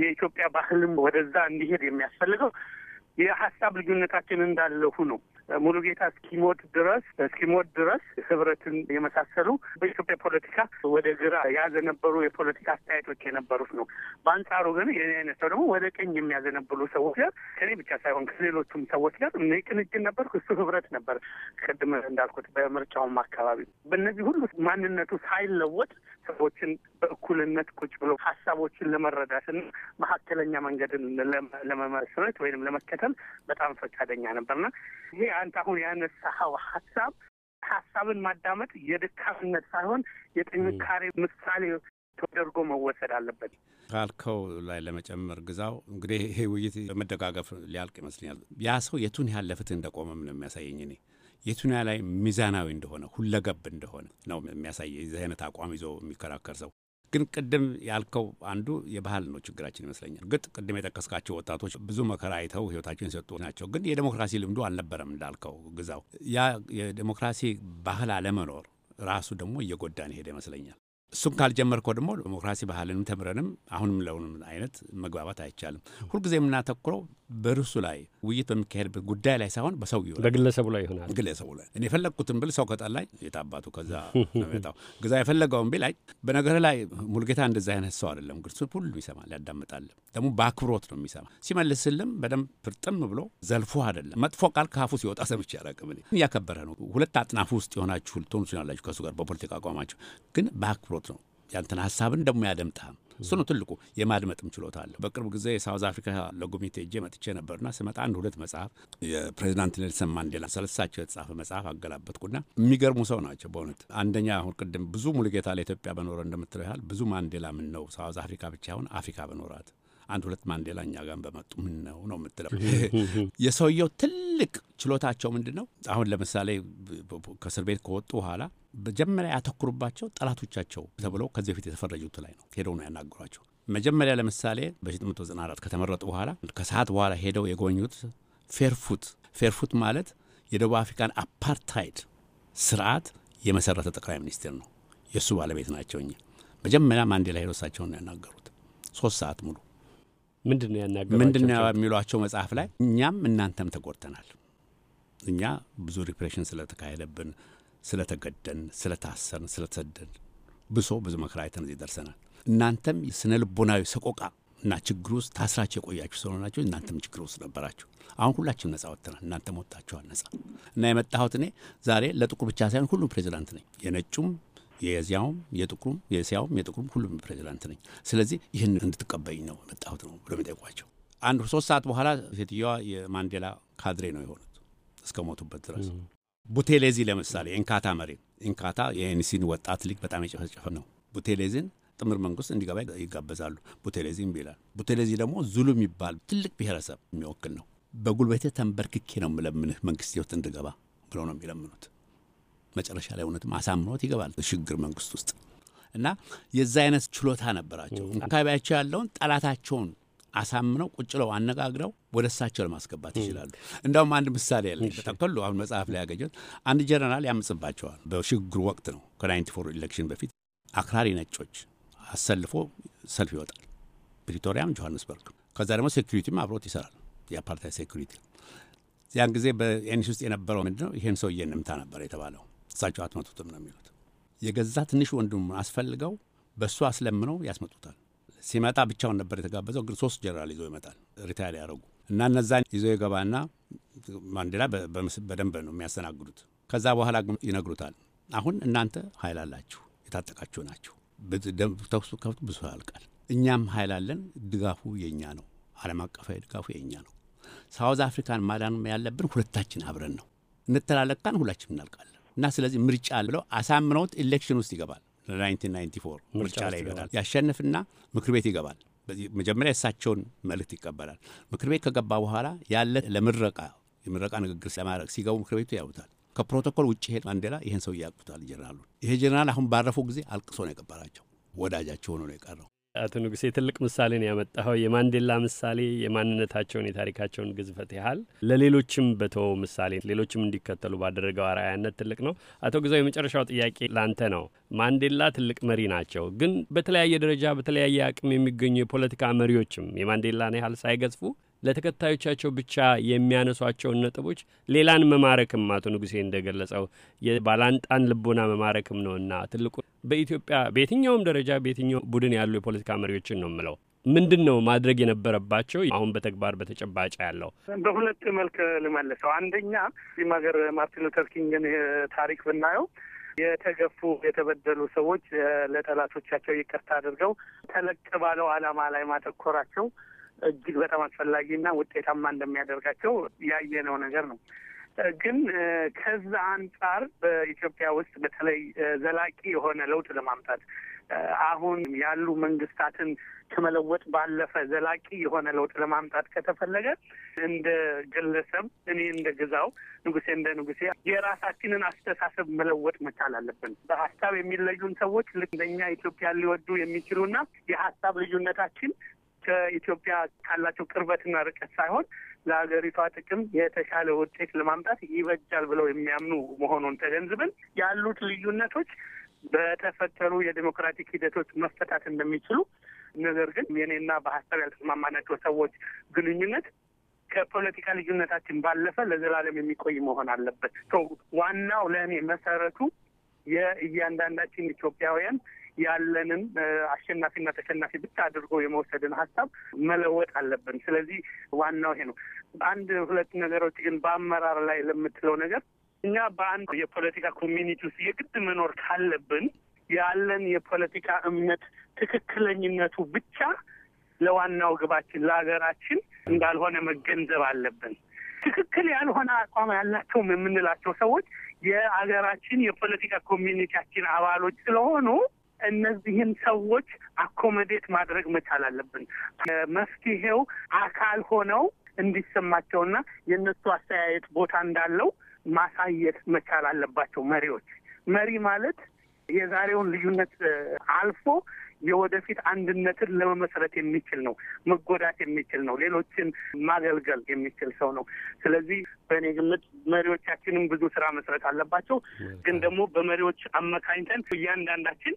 E: የኢትዮጵያ ባህልም ወደዛ እንዲሄድ የሚያስፈልገው የሀሳብ ልዩነታችን እንዳለሁ ነው። ጌታ እስኪሞት ድረስ እስኪሞት ድረስ ህብረትን የመሳሰሉ በኢትዮጵያ ፖለቲካ ወደ ግራ ያዘነበሩ የፖለቲካ አስተያየቶች የነበሩት ነው። በአንጻሩ ግን የኔ አይነት ሰው ደግሞ ወደ ቀኝ የሚያዘነብሉ ሰዎች ጋር ከኔ ብቻ ሳይሆን ከሌሎቹም ሰዎች ጋር እኔ ቅንጅን ነበር፣ እሱ ህብረት ነበር። ቅድም እንዳልኩት በምርጫውም አካባቢ በእነዚህ ሁሉ ማንነቱ ሳይለወጥ ሰዎችን በእኩልነት ቁጭ ብሎ ሀሳቦችን ለመረዳትና መካከለኛ መንገድን ለመመስረት ወይም ለመከተል በጣም ፈቃደኛ ነበርና ይሄ አንተ አሁን ያነሳኸው ሀሳብ ሀሳብን ማዳመጥ የድካምነት ሳይሆን የጥንካሬ ምሳሌ ተደርጎ መወሰድ አለበት
D: ካልከው ላይ ለመጨመር ግዛው እንግዲህ ይሄ ውይይት በመደጋገፍ ሊያልቅ ይመስለኛል። ያ ሰው የቱን ያህል ለፍትህ እንደቆመም ነው የሚያሳየኝ እኔ የቱን ያህል ላይ ሚዛናዊ እንደሆነ ሁለገብ እንደሆነ ነው የሚያሳየ ዚህ አይነት አቋም ይዞ የሚከራከር ሰው ግን ቅድም ያልከው አንዱ የባህል ነው ችግራችን ይመስለኛል። እርግጥ ቅድም የጠቀስካቸው ወጣቶች ብዙ መከራ አይተው ህይወታቸውን የሰጡ ናቸው። ግን የዴሞክራሲ ልምዱ አልነበረም እንዳልከው ግዛው። ያ የዴሞክራሲ ባህል አለመኖር ራሱ ደግሞ እየጎዳን ሄደ ይመስለኛል። እሱም ካልጀመርከው ደግሞ ዲሞክራሲ ባህልንም ተምረንም አሁንም ለሁንም አይነት መግባባት አይቻልም። ሁልጊዜ የምናተኩረው በርሱ ላይ ውይይት በሚካሄድበት ጉዳይ ላይ ሳይሆን በሰው በግለሰቡ ላይ ይሆናል። ግለሰቡ ላይ እኔ የፈለግኩትን ብል ሰው ከጠላኝ የታባቱ ከዛ ነጣው ግዛ የፈለገውን ቢላኝ በነገር ላይ ሙልጌታ እንደዛ አይነት ሰው አይደለም። ግርሱ ሁሉ ይሰማል፣ ያዳምጣል። ደግሞ በአክብሮት ነው የሚሰማ። ሲመልስልም በደንብ ፍርጥም ብሎ ዘልፎ አይደለም። መጥፎ ቃል ከአፉ ሲወጣ ሰምቼ አላውቅም። እያከበረ ነው። ሁለት አጥናፉ ውስጥ የሆናችሁ ልትሆኑ ትችላላችሁ ከእሱ ጋር በፖለቲካ አቋማቸው ግን በአክብሮ ክህሎት ነው። ያንተን ሀሳብን ደግሞ ያደምጣል። እሱ ነው ትልቁ። የማድመጥም ችሎታ አለ። በቅርብ ጊዜ የሳውዝ አፍሪካ ለጉብኝት ሄጄ መጥቼ ነበርና ስመጣ አንድ ሁለት መጽሐፍ የፕሬዚዳንት ኔልሰን ማንዴላ ስለሳቸው የተጻፈ መጽሐፍ አገላበጥኩና የሚገርሙ ሰው ናቸው በእውነት አንደኛ። አሁን ቅድም ብዙ ሙሉጌታ ለኢትዮጵያ በኖረ እንደምትለው ያህል ብዙ ማንዴላ ምን ነው ሳውዝ አፍሪካ ብቻ አሁን አፍሪካ በኖራት አንድ ሁለት ማንዴላ እኛ ጋር በመጡ ምን ነው ነው የምትለው። የሰውየው ትልቅ ችሎታቸው ምንድን ነው? አሁን ለምሳሌ ከእስር ቤት ከወጡ በኋላ መጀመሪያ ያተኩሩባቸው ጠላቶቻቸው ተብለው ከዚህ በፊት የተፈረጁት ላይ ነው ሄደው ነው ያናገሯቸው። መጀመሪያ ለምሳሌ በ1994 ከተመረጡ በኋላ ከሰዓት በኋላ ሄደው የጎኙት ፌርፉት ፌርፉት ማለት የደቡብ አፍሪካን አፓርታይድ ስርዓት የመሰረተ ጠቅላይ ሚኒስትር ነው። የእሱ ባለቤት ናቸው። እኛ መጀመሪያ ማንዴላ ሄዶ እሳቸውን ነው ያናገሩት ሶስት ሰዓት ሙሉ ምንድን ነው ያናገሯቸው? ምንድን ነው የሚሏቸው መጽሐፍ ላይ እኛም እናንተም ተጎድተናል። እኛ ብዙ ሪፕሬሽን ስለተካሄደብን፣ ስለተገደን፣ ስለታሰርን፣ ስለተሰደን ብሶ ብዙ መከራ አይተን እዚህ ደርሰናል። እናንተም ስነ ልቦናዊ ሰቆቃ እና ችግር ውስጥ ታስራችሁ የቆያችሁ ስለሆናችሁ እናንተም ችግር ውስጥ ነበራችሁ። አሁን ሁላችሁም ነጻ ወጥተናል። እናንተም ወጥታችኋል ነጻ። እና የመጣሁት እኔ ዛሬ ለጥቁር ብቻ ሳይሆን ሁሉም ፕሬዚዳንት ነኝ፣ የነጩም የዚያውም የጥቁሩም የእስያውም የጥቁሩም ሁሉም ፕሬዚዳንት ነኝ። ስለዚህ ይህን እንድትቀበኝ ነው መጣሁት ነው ብሎ የሚጠይቋቸው። አንድ ሶስት ሰዓት በኋላ ሴትዮዋ የማንዴላ ካድሬ ነው የሆኑት እስከ ሞቱበት ድረስ። ቡቴሌዚ ለምሳሌ ኤንካታ መሪ ኤንካታ የኤንሲን ወጣት ሊግ በጣም የጨፈጨፈ ነው። ቡቴሌዚን ጥምር መንግስት እንዲገባ ይጋበዛሉ። ቡቴሌዚ ይላል። ቡቴሌዚ ደግሞ ዙሉ የሚባል ትልቅ ብሔረሰብ የሚወክል ነው። በጉልበቴ ተንበርክኬ ነው የምለምንህ መንግስት ህይወት እንድገባ ብሎ ነው የሚለምኑት። መጨረሻ ላይ እውነትም አሳምኖት ይገባል ሽግግር መንግስት ውስጥ እና የዛ አይነት ችሎታ ነበራቸው። አካባቢያቸው ያለውን ጠላታቸውን አሳምነው ቁጭለው አነጋግረው ወደ እሳቸው ለማስገባት ይችላሉ። እንደውም አንድ ምሳሌ ያለ ተጠቅሉ አሁን መጽሐፍ ላይ ያገኘት አንድ ጀነራል ያምጽባቸዋል። በሽግግሩ ወቅት ነው ከናይንቲ ፎር ኢሌክሽን በፊት አክራሪ ነጮች አሰልፎ ሰልፍ ይወጣል፣ ፕሪቶሪያም ጆሀንስበርግ። ከዛ ደግሞ ሴኩሪቲም አብሮት ይሰራል፣ የአፓርታይ ሴኩሪቲ። ያን ጊዜ በኤኒስ ውስጥ የነበረው ምንድነው ይህን ሰውዬ እንምታ ነበር የተባለው እሳቸው አትመጡትም ነው የሚሉት። የገዛ ትንሽ ወንድም አስፈልገው በእሱ አስለምነው ያስመጡታል። ሲመጣ ብቻውን ነበር የተጋበዘው፣ ግን ሶስት ጀነራል ይዞ ይመጣል ሪታይር ያደረጉ እና እነዛን ይዞ ይገባና ማንዴላ በደንብ ነው የሚያስተናግዱት። ከዛ በኋላ ይነግሩታል፣ አሁን እናንተ ኃይል አላችሁ፣ የታጠቃችሁ ናችሁ። ተኩሱ ከብቱ ብዙ ያልቃል። እኛም ኃይል አለን። ድጋፉ የእኛ ነው። ዓለም አቀፋዊ ድጋፉ የእኛ ነው። ሳውዝ አፍሪካን ማዳን ያለብን ሁለታችን አብረን ነው። እንተላለካን ሁላችን እናልቃለን። እና ስለዚህ ምርጫ ብለው አሳምነውት ኢሌክሽን ውስጥ ይገባል ለ1994 ምርጫ ላይ ይገባል። ያሸንፍና ምክር ቤት ይገባል። መጀመሪያ የእሳቸውን መልእክት ይቀበላል። ምክር ቤት ከገባ በኋላ ያለ ለምረቃ የምረቃ ንግግር ለማድረግ ሲገቡ ምክር ቤቱ ያውታል። ከፕሮቶኮል ውጭ ሄድ ማንዴላ ይህን ሰው እያቁታል ጀነራሉ ይሄ ጀነራል አሁን ባረፈው ጊዜ አልቅሶ ነው የቀበራቸው።
C: ወዳጃቸው ሆኖ ነው የቀረው። አቶ ንጉሴ ትልቅ ምሳሌ ነው ያመጣኸው። የማንዴላ ምሳሌ የማንነታቸውን የታሪካቸውን ግዝፈት ያህል ለሌሎችም በተወው ምሳሌ ሌሎችም እንዲከተሉ ባደረገው አርአያነት ትልቅ ነው። አቶ ግዛው የመጨረሻው ጥያቄ ላንተ ነው። ማንዴላ ትልቅ መሪ ናቸው፣ ግን በተለያየ ደረጃ በተለያየ አቅም የሚገኙ የፖለቲካ መሪዎችም የማንዴላን ያህል ሳይገዝፉ ለተከታዮቻቸው ብቻ የሚያነሷቸውን ነጥቦች ሌላን መማረክም አቶ ንጉሴ እንደገለጸው የባላንጣን ልቦና መማረክም ነውና ትልቁ በኢትዮጵያ በየትኛውም ደረጃ በየትኛው ቡድን ያሉ የፖለቲካ መሪዎችን ነው የምለው ምንድን ነው ማድረግ የነበረባቸው አሁን በተግባር በተጨባጭ ያለው?
E: በሁለት መልክ ልመልሰው። አንደኛ እዚህም ሀገር ማርቲን ሉተር ኪንግን ታሪክ ብናየው የተገፉ የተበደሉ ሰዎች ለጠላቶቻቸው ይቅርታ አድርገው ተለቅ ባለው አላማ ላይ ማተኮራቸው እጅግ በጣም አስፈላጊና ውጤታማ እንደሚያደርጋቸው ያየነው ነገር ነው። ግን ከዛ አንጻር በኢትዮጵያ ውስጥ በተለይ ዘላቂ የሆነ ለውጥ ለማምጣት አሁን ያሉ መንግስታትን ከመለወጥ ባለፈ ዘላቂ የሆነ ለውጥ ለማምጣት ከተፈለገ እንደ ግለሰብ እኔ እንደ ግዛው ንጉሴ እንደ ንጉሴ የራሳችንን አስተሳሰብ መለወጥ መቻል አለብን። በሀሳብ የሚለዩን ሰዎች ልክ እንደኛ ኢትዮጵያ ሊወዱ የሚችሉና የሀሳብ ልዩነታችን ከኢትዮጵያ ካላቸው ቅርበትና ርቀት ሳይሆን ለሀገሪቷ ጥቅም የተሻለ ውጤት ለማምጣት ይበጃል ብለው የሚያምኑ መሆኑን ተገንዝበን ያሉት ልዩነቶች በተፈጠሩ የዴሞክራቲክ ሂደቶች መፈታት እንደሚችሉ ነገር ግን የኔና በሀሳብ ያልተስማማናቸው ሰዎች ግንኙነት ከፖለቲካ ልዩነታችን ባለፈ ለዘላለም የሚቆይ መሆን አለበት። ዋናው ለእኔ መሰረቱ የእያንዳንዳችን ኢትዮጵያውያን ያለንን አሸናፊና ተሸናፊ ብቻ አድርጎ የመውሰድን ሀሳብ መለወጥ አለብን። ስለዚህ ዋናው ይሄ ነው። አንድ ሁለት ነገሮች ግን በአመራር ላይ ለምትለው ነገር እኛ በአንድ የፖለቲካ ኮሚኒቲ ውስጥ የግድ መኖር ካለብን ያለን የፖለቲካ እምነት ትክክለኝነቱ ብቻ ለዋናው ግባችን ለሀገራችን እንዳልሆነ መገንዘብ አለብን። ትክክል ያልሆነ አቋም ያላቸውም የምንላቸው ሰዎች የሀገራችን የፖለቲካ ኮሚኒቲያችን አባሎች ስለሆኑ እነዚህን ሰዎች አኮመዴት ማድረግ መቻል አለብን። መፍትሄው አካል ሆነው እንዲሰማቸውና የእነሱ አስተያየት ቦታ እንዳለው ማሳየት መቻል አለባቸው መሪዎች። መሪ ማለት የዛሬውን ልዩነት አልፎ የወደፊት አንድነትን ለመመስረት የሚችል ነው። መጎዳት የሚችል ነው። ሌሎችን ማገልገል የሚችል ሰው ነው። ስለዚህ በእኔ ግምት መሪዎቻችንም ብዙ ስራ መስረት አለባቸው። ግን ደግሞ በመሪዎች አመካኝተን እያንዳንዳችን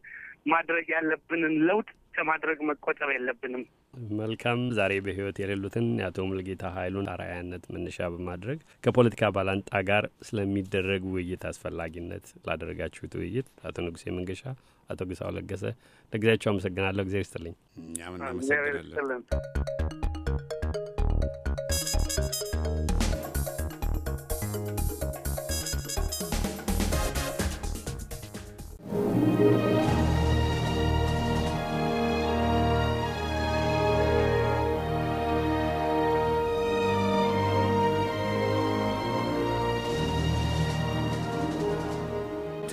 E: ማድረግ ያለብንን ለውጥ ከማድረግ መቆጠብ የለብንም።
C: መልካም። ዛሬ በህይወት የሌሉትን የአቶ ሙልጌታ ኃይሉን አርአያነት መነሻ በማድረግ ከፖለቲካ ባላንጣ ጋር ስለሚደረግ ውይይት አስፈላጊነት ላደረጋችሁት ውይይት አቶ ንጉሴ መንገሻ፣ አቶ ግሳው ለገሰ ለጊዜያቸው አመሰግናለሁ። እግዜር ይስጥልኝ።
D: እኛም እናመሰግናለን።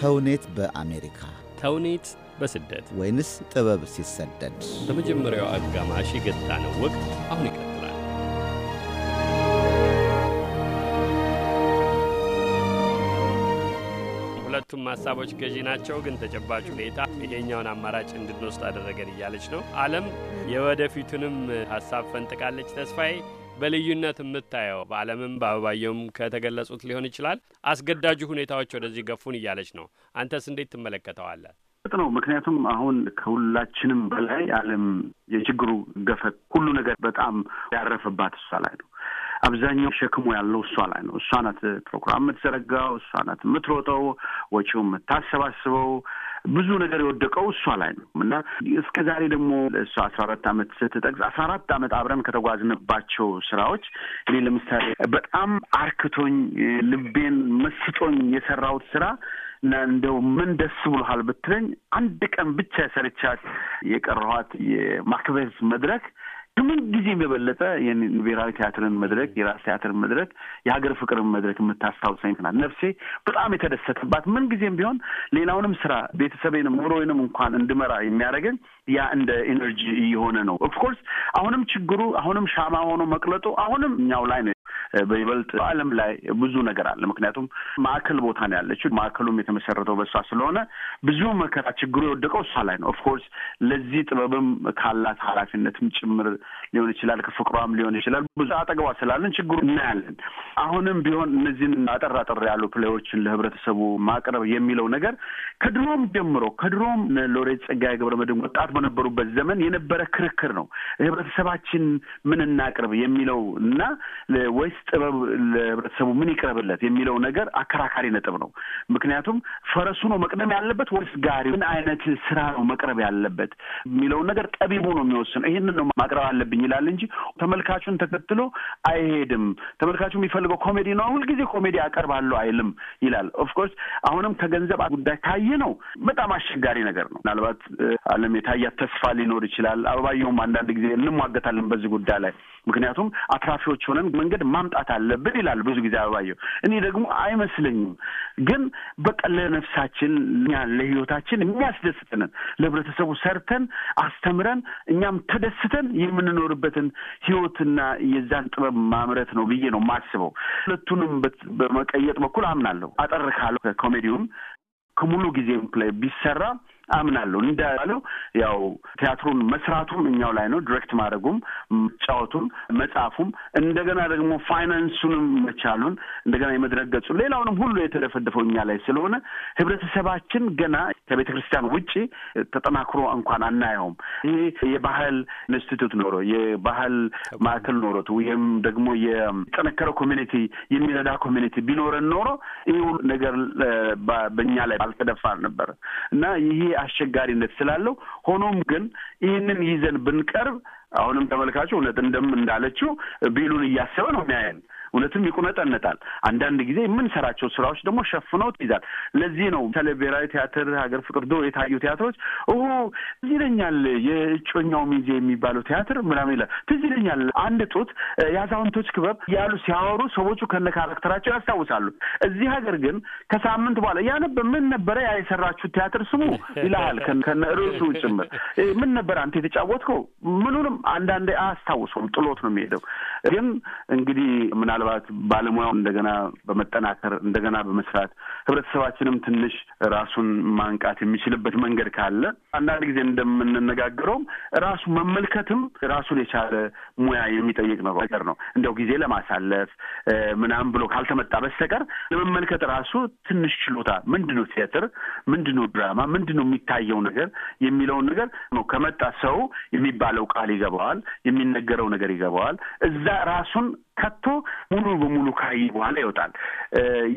B: ተውኔት በአሜሪካ ተውኔት በስደት ወይንስ ጥበብ ሲሰደድ? በመጀመሪያው
C: አጋማሽ የገታነው ወቅት አሁን ይቀጥላል። ሁለቱም ሀሳቦች ገዢ ናቸው፣ ግን ተጨባጭ ሁኔታ ይሄኛውን አማራጭ እንድንወስድ አደረገን እያለች ነው ዓለም። የወደፊቱንም ሀሳብ ፈንጥቃለች። ተስፋዬ በልዩነት የምታየው በዓለምም በአበባየውም ከተገለጹት ሊሆን ይችላል አስገዳጁ ሁኔታዎች ወደዚህ ገፉን እያለች ነው። አንተስ እንዴት ትመለከተዋለህ?
G: ነው ምክንያቱም አሁን ከሁላችንም በላይ ዓለም የችግሩ ገፈት ሁሉ ነገር በጣም ያረፈባት እሷ ላይ ነው። አብዛኛው ሸክሙ ያለው እሷ ላይ ነው። እሷ ናት ፕሮግራም የምትዘረጋው፣ እሷ ናት የምትሮጠው፣ ወጪው የምታሰባስበው፣ ብዙ ነገር የወደቀው እሷ ላይ ነው እና እስከ ዛሬ ደግሞ እሷ አስራ አራት ዓመት ስትጠቅስ አስራ አራት አመት አብረን ከተጓዝንባቸው ስራዎች እኔ ለምሳሌ በጣም አርክቶኝ ልቤን መስጦኝ የሰራሁት ስራ እና እንደው ምን ደስ ብሎሃል ብትለኝ አንድ ቀን ብቻ የሰርቻት የቀረኋት የማክበዝ መድረክ ከምን ጊዜም የበለጠ ብሔራዊ ቲያትርን መድረክ፣ የራስ ቲያትርን መድረክ፣ የሀገር ፍቅርን መድረክ የምታስታውሰኝ ትናል ነፍሴ በጣም የተደሰተባት ምን ጊዜም ቢሆን ሌላውንም ስራ ቤተሰቤንም ኑሮዬንም እንኳን እንድመራ የሚያደርገኝ ያ እንደ ኢነርጂ እየሆነ ነው። ኦፍኮርስ አሁንም ችግሩ አሁንም ሻማ ሆኖ መቅለጡ አሁንም እኛው ላይ ነው በይበልጥ በዓለም ላይ ብዙ ነገር አለ። ምክንያቱም ማዕከል ቦታ ነው ያለችው። ማዕከሉም የተመሰረተው በእሷ ስለሆነ ብዙ መከራ ችግሩ የወደቀው እሷ ላይ ነው። ኦፍኮርስ ለዚህ ጥበብም ካላት ኃላፊነትም ጭምር ሊሆን ይችላል፣ ከፍቅሯም ሊሆን ይችላል። ብዙ አጠገቧ ስላለን ችግሩ እናያለን። አሁንም ቢሆን እነዚህን አጠር አጠር ያሉ ፕሌዎችን ለህብረተሰቡ ማቅረብ የሚለው ነገር ከድሮም ጀምሮ ከድሮም ሎሬት ጸጋዬ ገብረመድህን ወጣት በነበሩበት ዘመን የነበረ ክርክር ነው። ህብረተሰባችን ምን እናቅርብ የሚለው እና ወይስ ጥበብ ለህብረተሰቡ ምን ይቅረብለት የሚለው ነገር አከራካሪ ነጥብ ነው። ምክንያቱም ፈረሱ ነው መቅደም ያለበት ወይስ ጋሪ፣ ምን አይነት ስራ ነው መቅረብ ያለበት የሚለውን ነገር ጠቢቡ ነው የሚወስነው። ይህንን ነው ማቅረብ አለብኝ አለብኝ ይላል እንጂ ተመልካቹን ተከትሎ አይሄድም። ተመልካቹ የሚፈልገው ኮሜዲ ነው፣ ሁልጊዜ ኮሜዲ አቀርባለሁ አይልም ይላል። ኦፍኮርስ አሁንም ከገንዘብ ጉዳይ ካየ ነው በጣም አስቸጋሪ ነገር ነው። ምናልባት አለም የታያት ተስፋ ሊኖር ይችላል። አበባየውም አንዳንድ ጊዜ እንሟገታለን በዚህ ጉዳይ ላይ ምክንያቱም አትራፊዎች ሆነን መንገድ ማምጣት አለብን ይላል ብዙ ጊዜ አበባየው። እኔ ደግሞ አይመስለኝም። ግን በቃ ለነፍሳችን ለህይወታችን የሚያስደስትንን ለህብረተሰቡ ሰርተን አስተምረን እኛም ተደስተን የምንኖርበትን ህይወትና የዛን ጥበብ ማምረት ነው ብዬ ነው የማስበው። ሁለቱንም በመቀየጥ በኩል አምናለሁ። አጠር ካለው ከኮሜዲውም ከሙሉ ጊዜም ላይ ቢሰራ አምናለሁ። እንዳለው ያው ቲያትሩን መስራቱም እኛው ላይ ነው፣ ዲሬክት ማድረጉም፣ መጫወቱም፣ መጻፉም እንደገና ደግሞ ፋይናንሱንም መቻሉን እንደገና የመድረክ ገጹ ሌላውንም ሁሉ የተደፈደፈው እኛ ላይ ስለሆነ ህብረተሰባችን ገና ከቤተ ክርስቲያን ውጭ ተጠናክሮ እንኳን አናየውም። ይህ የባህል ኢንስቲትዩት ኖሮ የባህል ማዕከል ኖሮት ወይም ደግሞ የጠነከረ ኮሚኒቲ የሚረዳ ኮሚኒቲ ቢኖረን ኖሮ ይህ ነገር በእኛ ላይ ባልተደፋ ነበረ እና ይሄ አስቸጋሪነት ስላለው፣ ሆኖም ግን ይህንን ይዘን ብንቀርብ አሁንም ተመልካቹ እውነት እንደም እንዳለችው ቢሉን እያሰበ ነው የሚያየን እውነትም ይቁነጠነጣል። አንዳንድ ጊዜ የምንሰራቸው ስራዎች ደግሞ ሸፍነው ይዛል። ለዚህ ነው በተለይ ብሔራዊ ቲያትር፣ ሀገር ፍቅር ዶ የታዩ ቲያትሮች ትዝ ይለኛል የእጮኛው ሚዜ የሚባለው ቲያትር ምናምን ይላል። ትዝ ይለኛል አንድ ጡት የአዛውንቶች ክበብ ያሉ ሲያወሩ ሰዎቹ ከነ ካራክተራቸው ያስታውሳሉ። እዚህ ሀገር ግን ከሳምንት በኋላ ያነበ ምን ነበረ ያ የሰራችሁ ቲያትር ስሙ ይልሃል ከነ ርዕሱ ጭምር ምን ነበር አንተ የተጫወትከው ምኑንም አንዳንዴ አያስታውሱም ጥሎት ነው የሚሄደው። ግን እንግዲህ ምና ምናልባት ባለሙያው እንደገና በመጠናከር እንደገና በመስራት ህብረተሰባችንም ትንሽ ራሱን ማንቃት የሚችልበት መንገድ ካለ አንዳንድ ጊዜ እንደምንነጋገረውም ራሱ መመልከትም ራሱን የቻለ ሙያ የሚጠይቅ ነገር ነው። እንደው ጊዜ ለማሳለፍ ምናምን ብሎ ካልተመጣ በስተቀር ለመመልከት ራሱ ትንሽ ችሎታ ምንድነው ቲያትር፣ ምንድነው ድራማ፣ ምንድነው የሚታየው ነገር የሚለውን ነገር ነው። ከመጣ ሰው የሚባለው ቃል ይገባዋል፣ የሚነገረው ነገር ይገባዋል። እዛ ራሱን ከቶ ሙሉ በሙሉ ካየ በኋላ ይወጣል።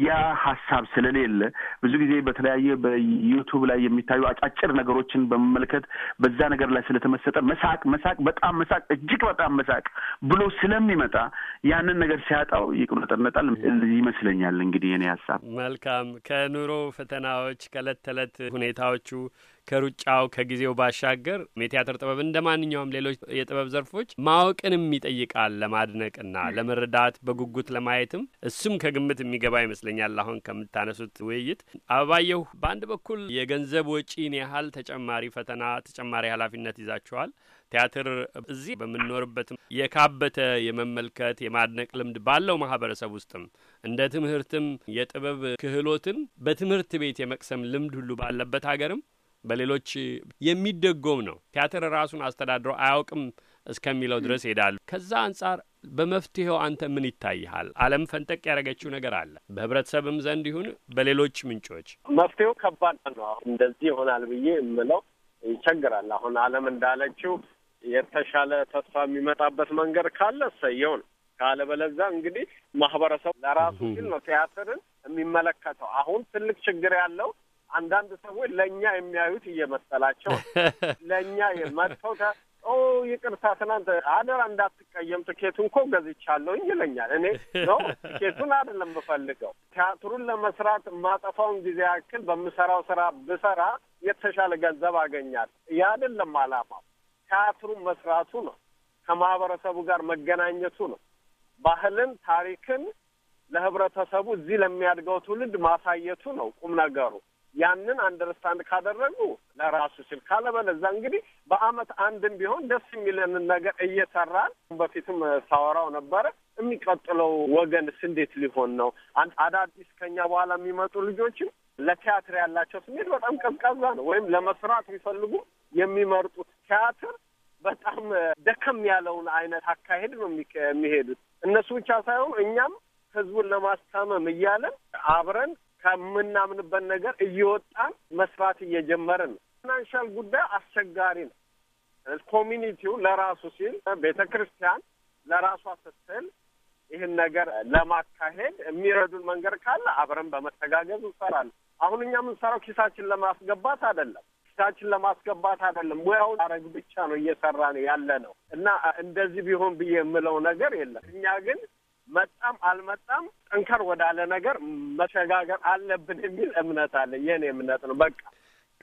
G: ያ ሀሳብ ስለሌለ ብዙ ጊዜ በተለያየ በዩቱብ ላይ የሚታዩ አጫጭር ነገሮችን በመመልከት በዛ ነገር ላይ ስለተመሰጠ መሳቅ መሳቅ በጣም መሳቅ እጅግ በጣም መሳቅ ብሎ ስለሚመጣ ያንን ነገር ሲያጣው ይቁነጠነጣል ይመስለኛል። እንግዲህ የኔ ሀሳብ
C: መልካም ከኑሮ ፈተናዎች ከእለት ተዕለት ሁኔታዎቹ ከሩጫው ከጊዜው ባሻገር የቲያትር ጥበብ እንደ ማንኛውም ሌሎች የጥበብ ዘርፎች ማወቅንም ይጠይቃል። ለማድነቅና ለመረዳት በጉጉት ለማየትም እሱም ከግምት የሚገባ ይመስለኛል። አሁን ከምታነሱት ውይይት አበባየሁ፣ በአንድ በኩል የገንዘብ ወጪን ያህል ተጨማሪ ፈተና ተጨማሪ ኃላፊነት ይዛችኋል። ቲያትር እዚህ በምንኖርበትም የካበተ የመመልከት የማድነቅ ልምድ ባለው ማህበረሰብ ውስጥም እንደ ትምህርትም የጥበብ ክህሎትን በትምህርት ቤት የመቅሰም ልምድ ሁሉ ባለበት ሀገርም በሌሎች የሚደጎም ነው። ቲያትር ራሱን አስተዳድሮ አያውቅም እስከሚለው ድረስ ሄዳሉ። ከዛ አንጻር በመፍትሄው አንተ ምን ይታይሃል? ዓለም ፈንጠቅ ያደረገችው ነገር አለ፣ በህብረተሰብም ዘንድ ይሁን በሌሎች ምንጮች።
J: መፍትሄው ከባድ ነው። እንደዚህ ይሆናል ብዬ የምለው ይቸግራል። አሁን ዓለም እንዳለችው የተሻለ ተስፋ የሚመጣበት መንገድ ካለ እሰየው ነው። ካለበለዚያ እንግዲህ ማህበረሰቡ ለራሱ ግን ነው ቲያትርን የሚመለከተው። አሁን ትልቅ ችግር ያለው አንዳንድ ሰዎች ለእኛ የሚያዩት እየመሰላቸው ለእኛ የመጥተው ኦ ይቅርታ፣ ትናንት አደራ እንዳትቀየም ትኬቱን እኮ ገዝቻለሁ ይለኛል። እኔ
A: ነው ትኬቱን
J: አይደለም የምፈልገው። ቲያትሩን ለመስራት የማጠፋውን ጊዜ ያክል በምሰራው ስራ ብሰራ የተሻለ ገንዘብ አገኛል። ያ አይደለም አላማው። ቲያትሩን መስራቱ ነው። ከማህበረሰቡ ጋር መገናኘቱ ነው። ባህልን፣ ታሪክን ለህብረተሰቡ እዚህ ለሚያድገው ትውልድ ማሳየቱ ነው ቁም ነገሩ። ያንን አንደርስታንድ ካደረጉ ለራሱ ሲል ካለበለዛ እንግዲህ በአመት አንድም ቢሆን ደስ የሚለንን ነገር እየሰራን በፊትም ሳወራው ነበረ። የሚቀጥለው ወገንስ እንዴት ሊሆን ነው? አዳዲስ ከኛ በኋላ የሚመጡ ልጆችም ለቲያትር ያላቸው ስሜት በጣም ቀዝቃዛ ነው። ወይም ለመስራት ቢፈልጉ የሚመርጡት ቲያትር በጣም ደከም ያለውን አይነት አካሄድ ነው የሚሄዱት። እነሱ ብቻ ሳይሆኑ እኛም ህዝቡን ለማስታመም እያለን አብረን ከምናምንበት ነገር እየወጣን መስራት እየጀመርን ነው። ፋይናንሻል ጉዳይ አስቸጋሪ ነው። ኮሚኒቲው ለራሱ ሲል ቤተ ክርስቲያን ለራሷ ስትል ይህን ነገር ለማካሄድ የሚረዱን መንገድ ካለ አብረን በመተጋገዝ እንሰራለን። አሁን እኛ የምንሰራው ኪሳችን ለማስገባት አይደለም፣ ኪሳችን ለማስገባት አይደለም። ሙያውን አረግ ብቻ ነው ነው ያለ ነው እና እንደዚህ ቢሆን ብዬ የምለው ነገር የለም። እኛ ግን መጣም አልመጣም ጠንከር ወዳለ ነገር መሸጋገር አለብን የሚል እምነት አለ። የኔ እምነት ነው። በቃ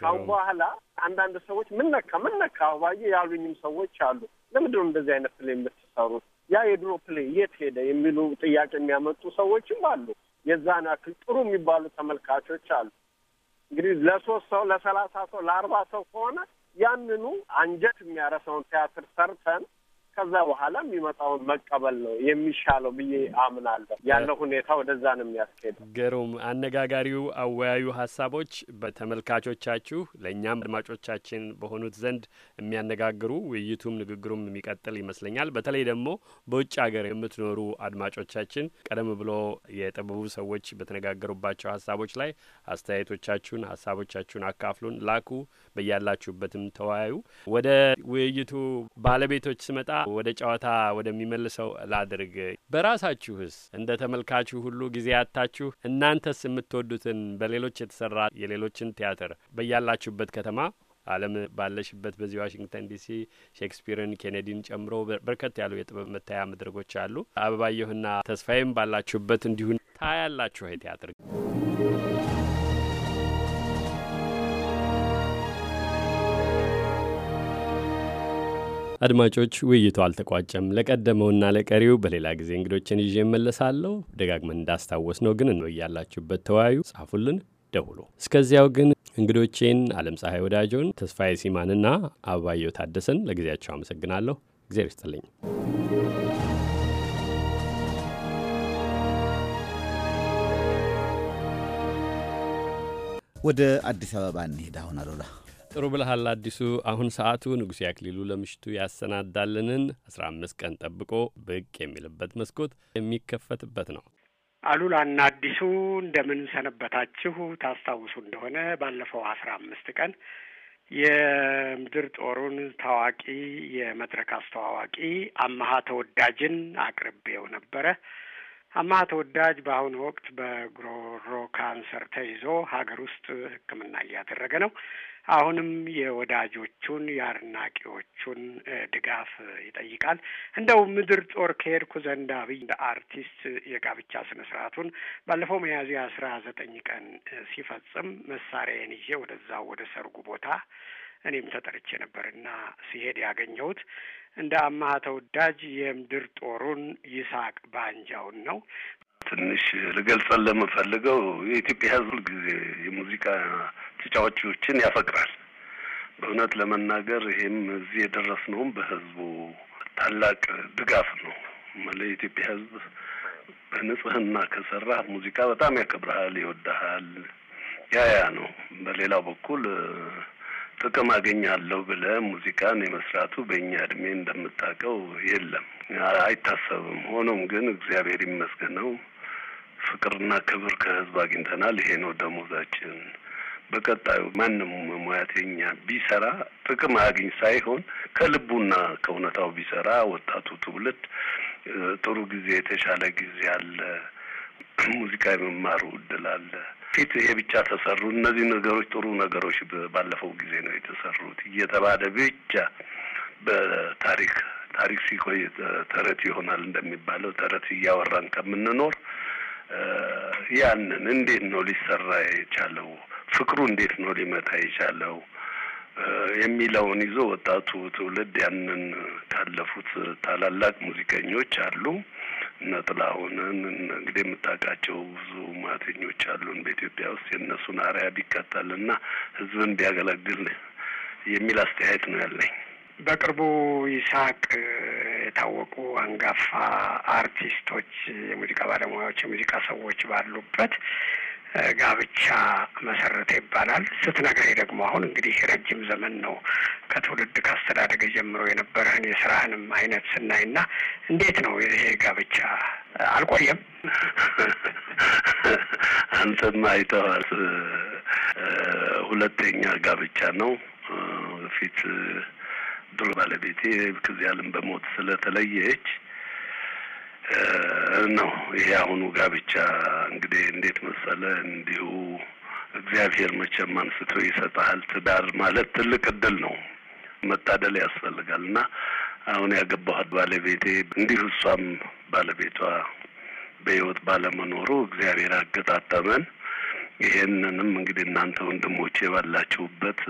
J: ካሁን በኋላ አንዳንድ ሰዎች ምነካ ምነካ ምን ያሉኝም ሰዎች አሉ። ለምንድነው እንደዚህ አይነት ፕሌ የምትሰሩት? ያ የድሮ ፕሌ የት ሄደ የሚሉ ጥያቄ የሚያመጡ ሰዎችም አሉ። የዛን ያክል ጥሩ የሚባሉ ተመልካቾች አሉ። እንግዲህ ለሶስት ሰው ለሰላሳ ሰው ለአርባ ሰው ከሆነ ያንኑ አንጀት የሚያረሰውን ቲያትር ሰርተን ከዛ በኋላ የሚመጣውን መቀበል ነው የሚሻለው ብዬ አምናለሁ። ያለው ሁኔታ ወደዛ ነው የሚያስኬደው።
C: ግሩም አነጋጋሪው አወያዩ ሀሳቦች በተመልካቾቻችሁ ለእኛም አድማጮቻችን በሆኑት ዘንድ የሚያነጋግሩ ውይይቱም ንግግሩም የሚቀጥል ይመስለኛል። በተለይ ደግሞ በውጭ ሀገር የምትኖሩ አድማጮቻችን ቀደም ብሎ የጥበቡ ሰዎች በተነጋገሩባቸው ሀሳቦች ላይ አስተያየቶቻችሁን፣ ሀሳቦቻችሁን አካፍሉን፣ ላኩ። በያላችሁበትም ተወያዩ። ወደ ውይይቱ ባለቤቶች ስመጣ ወደ ጨዋታ ወደሚመልሰው ላድርግ። በራሳችሁስ እንደ ተመልካችሁ ሁሉ ጊዜ ያታችሁ እናንተስ የምትወዱትን በሌሎች የተሰራ የሌሎችን ቲያትር በያላችሁበት ከተማ ዓለም ባለሽበት በዚህ ዋሽንግተን ዲሲ ሼክስፒርን፣ ኬኔዲን ጨምሮ በርከት ያሉ የጥበብ መታያ መድረጎች አሉ። አበባየሁና ተስፋዬም ባላችሁበት እንዲሁን ታያላችሁ ቲያትር አድማጮች፣ ውይይቱ አልተቋጨም። ለቀደመውና ለቀሪው በሌላ ጊዜ እንግዶችን ይዤ እመለሳለሁ። ደጋግመን እንዳስታወስ ነው ግን ነው እያላችሁበት ተወያዩ፣ ጻፉልን፣ ደውሉ። እስከዚያው ግን እንግዶቼን አለም ፀሐይ ወዳጆን፣ ተስፋዬ ሲማንና አበባየሁ ታደሰን ለጊዜያቸው አመሰግናለሁ። እግዚአብሔር ይስጥልኝ።
B: ወደ አዲስ አበባ እንሄድ አሁን አሉላ
C: ጥሩ ብልሃል አዲሱ። አሁን ሰዓቱ ንጉሴ አክሊሉ ለምሽቱ ያሰናዳልንን አስራ አምስት ቀን ጠብቆ ብቅ የሚልበት መስኮት የሚከፈትበት ነው።
K: አሉላና አዲሱ እንደምን ሰነበታችሁ? ታስታውሱ እንደሆነ ባለፈው አስራ አምስት ቀን የምድር ጦሩን ታዋቂ የመድረክ አስተዋዋቂ አመሀ ተወዳጅን አቅርቤው ነበረ። አመሀ ተወዳጅ በአሁኑ ወቅት በጉሮሮ ካንሰር ተይዞ ሀገር ውስጥ ሕክምና እያደረገ ነው። አሁንም የወዳጆቹን የአድናቂዎቹን ድጋፍ ይጠይቃል። እንደው ምድር ጦር ከሄድኩ ዘንድ አብይ እንደ አርቲስት የጋብቻ ስነ ስርዓቱን ባለፈው ሚያዝያ አስራ ዘጠኝ ቀን ሲፈጽም መሳሪያዬን ይዤ ወደዛው ወደ ሰርጉ ቦታ እኔም ተጠርቼ ነበርና ሲሄድ ያገኘሁት እንደ አማሃ ተወዳጅ የምድር ጦሩን ይስሐቅ
L: ባንጃውን ነው። ትንሽ ልገልጸን ለምፈልገው የኢትዮጵያ ሕዝብ ሁልጊዜ የሙዚቃ ተጫዋቾችን ያፈቅራል። በእውነት ለመናገር ይሄም እዚህ የደረስነውም በህዝቡ ታላቅ ድጋፍ ነው። ለኢትዮጵያ ሕዝብ በንጽህና ከሰራ ሙዚቃ በጣም ያከብረሃል፣ ይወዳሃል። ያ ያ ነው። በሌላው በኩል ጥቅም አገኛለሁ ብለ ሙዚቃን የመስራቱ በእኛ እድሜ እንደምታውቀው የለም፣ አይታሰብም። ሆኖም ግን እግዚአብሔር ይመስገነው ፍቅርና ክብር ከህዝብ አግኝተናል። ይሄ ነው ደሞዛችን። በቀጣዩ ማንም ሙያተኛ ቢሰራ ጥቅም አግኝ ሳይሆን ከልቡና ከእውነታው ቢሰራ ወጣቱ ትውልድ ጥሩ ጊዜ፣ የተሻለ ጊዜ አለ። ሙዚቃ የመማሩ እድል አለ። ፊት ይሄ ብቻ ተሰሩ እነዚህ ነገሮች ጥሩ ነገሮች ባለፈው ጊዜ ነው የተሰሩት እየተባለ ብቻ በታሪክ ታሪክ ሲቆይ ተረት ይሆናል እንደሚባለው ተረት እያወራን ከምንኖር ያንን እንዴት ነው ሊሰራ የቻለው ፍቅሩ እንዴት ነው ሊመታ የቻለው የሚለውን ይዞ ወጣቱ ትውልድ ያንን ካለፉት ታላላቅ ሙዚቀኞች አሉ እነ ጥላሁንን እንግዲህ የምታውቃቸው ብዙ ማተኞች አሉን በኢትዮጵያ ውስጥ የእነሱን ቢከተል እና ሕዝብን ቢያገለግል የሚል አስተያየት ነው ያለኝ። በቅርቡ ይስሐቅ የታወቁ አንጋፋ አርቲስቶች፣
K: የሙዚቃ ባለሙያዎች፣ የሙዚቃ ሰዎች ባሉበት ጋብቻ መሰረተ ይባላል። ስትነግረኝ ደግሞ አሁን እንግዲህ ረጅም ዘመን ነው ከትውልድ ካስተዳደገ ጀምሮ የነበረህን የስራህንም አይነት ስናይና እንዴት ነው ይሄ ጋብቻ?
L: አልቆየም? አንተም አይተዋል። ሁለተኛ ጋብቻ ነው ፊት ድሮ ባለቤቴ ከዚህ ዓለም በሞት ስለተለየች ነው። ይሄ አሁኑ ጋብቻ እንግዲህ እንዴት መሰለ እንዲሁ እግዚአብሔር መቼም አንስቶ ይሰጣል ትዳር ማለት ትልቅ እድል ነው፣ መታደል ያስፈልጋል። እና አሁን ያገባኋት ባለቤቴ እንዲሁ እሷም ባለቤቷ በህይወት ባለመኖሩ እግዚአብሔር አገጣጠመን። ይሄንንም እንግዲህ እናንተ ወንድሞቼ ባላችሁበት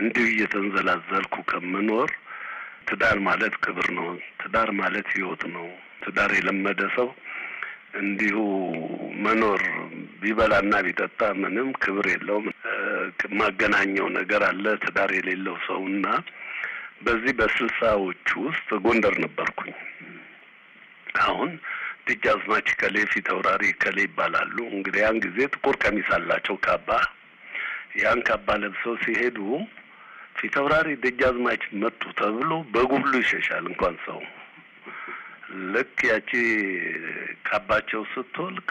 L: እንዲሁ እየተንዘላዘልኩ ከምኖር ትዳር ማለት ክብር ነው። ትዳር ማለት ህይወት ነው። ትዳር የለመደ ሰው እንዲሁ መኖር ቢበላና ቢጠጣ ምንም ክብር የለውም። ማገናኘው ነገር አለ ትዳር የሌለው ሰው እና በዚህ በስሳዎች ውስጥ ጎንደር ነበርኩኝ። አሁን ድጃዝማች ከሌ ፊት አውራሪ ከሌ ይባላሉ። እንግዲህ ያን ጊዜ ጥቁር ቀሚስ አላቸው ካባ። ያን ካባ ለብሰው ሲሄዱ ፊታውራሪ ደጃዝማች መጡ ተብሎ በጉብሉ ይሸሻል እንኳን ሰው ልክ ያቺ ካባቸው ስትወልቅ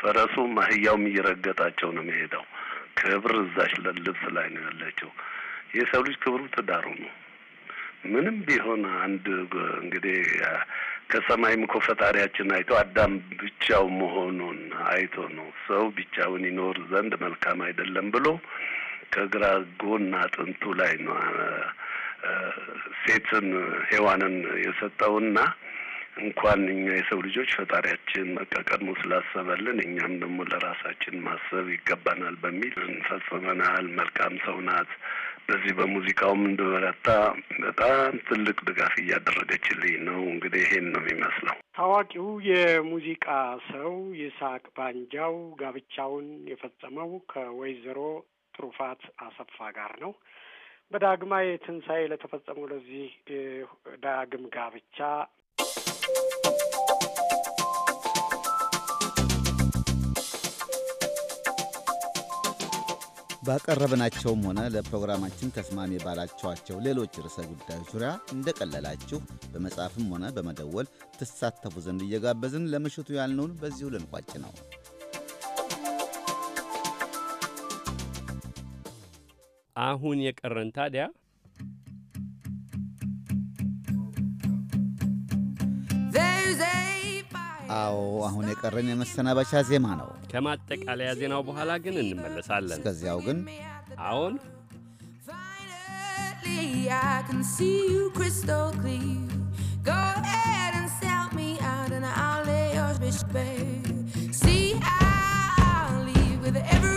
L: ፈረሱ ማህያውም እየረገጣቸው ነው የሚሄደው። ክብር እዛች ልብስ ላይ ነው ያለችው። የሰው ልጅ ክብሩ ትዳሩ ነው። ምንም ቢሆን አንድ እንግዲህ ከሰማይም እኮ ፈጣሪያችን አይቶ አዳም ብቻው መሆኑን አይቶ ነው ሰው ብቻውን ይኖር ዘንድ መልካም አይደለም ብሎ ከግራ ጎን አጥንቱ ላይ ነው ሴትን ሔዋንን የሰጠውና እንኳን እኛ የሰው ልጆች ፈጣሪያችን መቀቀድሞ ስላሰበልን እኛም ደግሞ ለራሳችን ማሰብ ይገባናል በሚል እንፈጽመናል። መልካም ሰው ናት። በዚህ በሙዚቃውም እንድበረታ በጣም ትልቅ ድጋፍ እያደረገችልኝ ነው። እንግዲህ ይሄን ነው የሚመስለው።
K: ታዋቂው የሙዚቃ ሰው ይስሐቅ ባንጃው ጋብቻውን የፈጸመው ከወይዘሮ ትሩፋት አሰፋ ጋር ነው። በዳግማዊ ትንሣኤ ለተፈጸመው ለዚህ ዳግም ጋብቻ
B: ባቀረብናቸውም ሆነ ለፕሮግራማችን ተስማሚ ባላቸዋቸው ሌሎች ርዕሰ ጉዳዮች ዙሪያ እንደቀለላችሁ በመጻፍም ሆነ በመደወል ትሳተፉ ዘንድ እየጋበዝን ለምሽቱ ያልነውን በዚሁ ልንቋጭ ነው። አሁን የቀረን ታዲያ አዎ አሁን የቀረን የመሰናበቻ ዜማ ነው።
C: ከማጠቃለያ ዜናው በኋላ ግን እንመለሳለን።
B: እስከዚያው ግን አሁን
M: every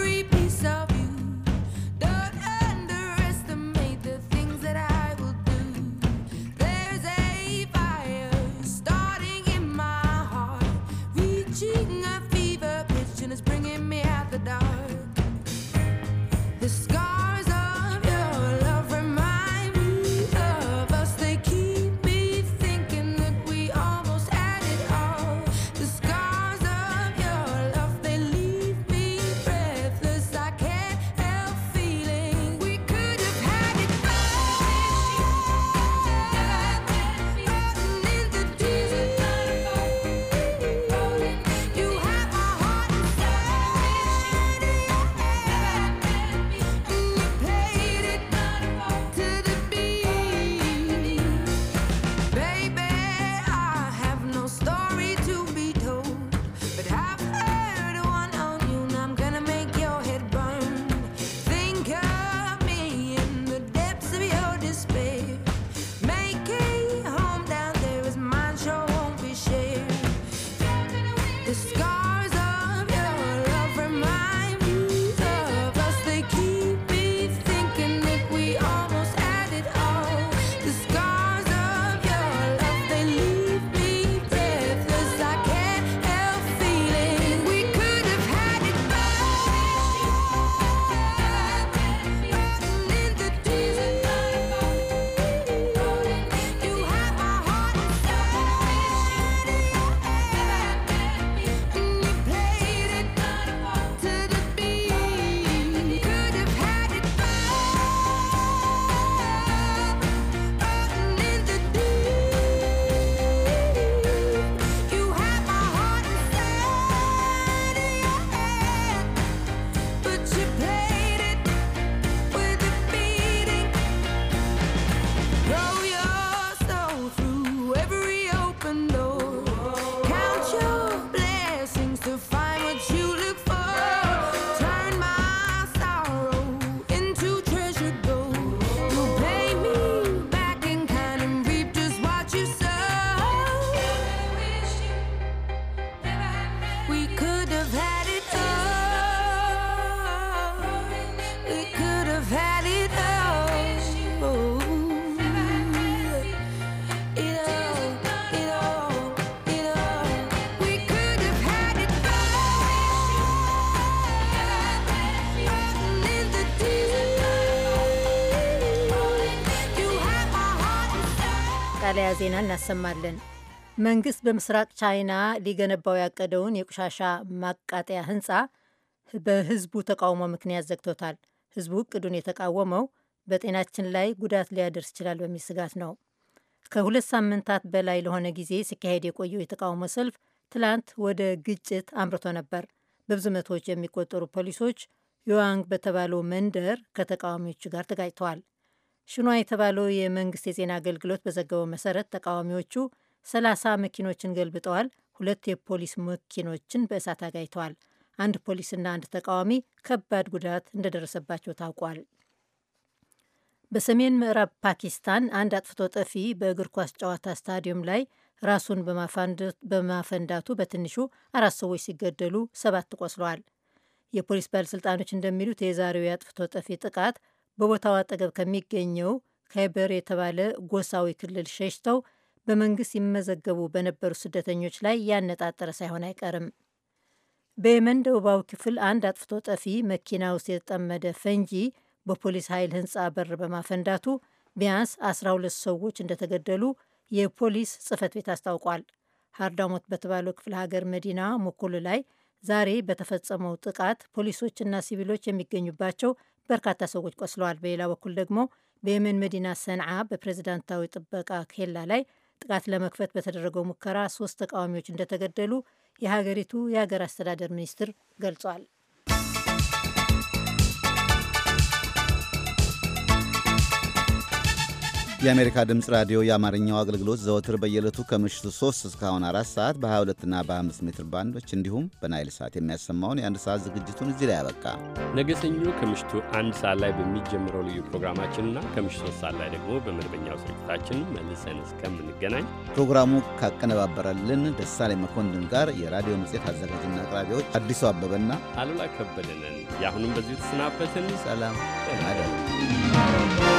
H: ዜና እናሰማለን። መንግስት በምስራቅ ቻይና ሊገነባው ያቀደውን የቆሻሻ ማቃጠያ ህንፃ በህዝቡ ተቃውሞ ምክንያት ዘግቶታል። ህዝቡ እቅዱን የተቃወመው በጤናችን ላይ ጉዳት ሊያደርስ ይችላል በሚል ስጋት ነው። ከሁለት ሳምንታት በላይ ለሆነ ጊዜ ሲካሄድ የቆየው የተቃውሞ ሰልፍ ትላንት ወደ ግጭት አምርቶ ነበር። በብዙ መቶዎች የሚቆጠሩ ፖሊሶች ዮዋንግ በተባለው መንደር ከተቃዋሚዎቹ ጋር ተጋጭተዋል። ሽኗ የተባለው የመንግስት የዜና አገልግሎት በዘገበው መሰረት ተቃዋሚዎቹ ሰላሳ መኪኖችን ገልብጠዋል። ሁለት የፖሊስ መኪኖችን በእሳት አጋይተዋል። አንድ ፖሊስና አንድ ተቃዋሚ ከባድ ጉዳት እንደደረሰባቸው ታውቋል። በሰሜን ምዕራብ ፓኪስታን አንድ አጥፍቶ ጠፊ በእግር ኳስ ጨዋታ ስታዲየም ላይ ራሱን በማፈንዳቱ በትንሹ አራት ሰዎች ሲገደሉ ሰባት ቆስለዋል። የፖሊስ ባለሥልጣኖች እንደሚሉት የዛሬው የአጥፍቶ ጠፊ ጥቃት በቦታው አጠገብ ከሚገኘው ከበር የተባለ ጎሳዊ ክልል ሸሽተው በመንግስት ይመዘገቡ በነበሩ ስደተኞች ላይ ያነጣጠረ ሳይሆን አይቀርም። በየመን ደቡባዊ ክፍል አንድ አጥፍቶ ጠፊ መኪና ውስጥ የተጠመደ ፈንጂ በፖሊስ ኃይል ህንፃ በር በማፈንዳቱ ቢያንስ 12 ሰዎች እንደተገደሉ የፖሊስ ጽህፈት ቤት አስታውቋል። ሀርዳሞት በተባለው ክፍለ ሀገር መዲና ሞኮሎ ላይ ዛሬ በተፈጸመው ጥቃት ፖሊሶችና ሲቪሎች የሚገኙባቸው በርካታ ሰዎች ቆስለዋል። በሌላ በኩል ደግሞ በየመን መዲና ሰንዓ በፕሬዝዳንታዊ ጥበቃ ኬላ ላይ ጥቃት ለመክፈት በተደረገው ሙከራ ሶስት ተቃዋሚዎች እንደተገደሉ የሀገሪቱ የሀገር አስተዳደር ሚኒስትር ገልጿል።
B: የአሜሪካ ድምፅ ራዲዮ የአማርኛው አገልግሎት ዘወትር በየዕለቱ ከምሽቱ 3 እስካሁን 4 ሰዓት በ22 ና በ25 ሜትር ባንዶች እንዲሁም በናይል ሰዓት የሚያሰማውን የአንድ ሰዓት ዝግጅቱን እዚህ ላይ ያበቃ። ነገ ሰኞ
C: ከምሽቱ አንድ ሰዓት ላይ በሚጀምረው ልዩ ፕሮግራማችንና ከምሽቱ 3 ሰዓት ላይ ደግሞ በመደበኛው ስርጭታችን መልሰን
B: እስከምንገናኝ ፕሮግራሙ ካቀነባበረልን ደሳሌ መኮንን ጋር የራዲዮ መጽሔት አዘጋጅና አቅራቢዎች አዲሱ አበበና
C: አሉላ ከበደንን
B: የአሁኑም በዚሁ ተሰናበትን። ሰላም you.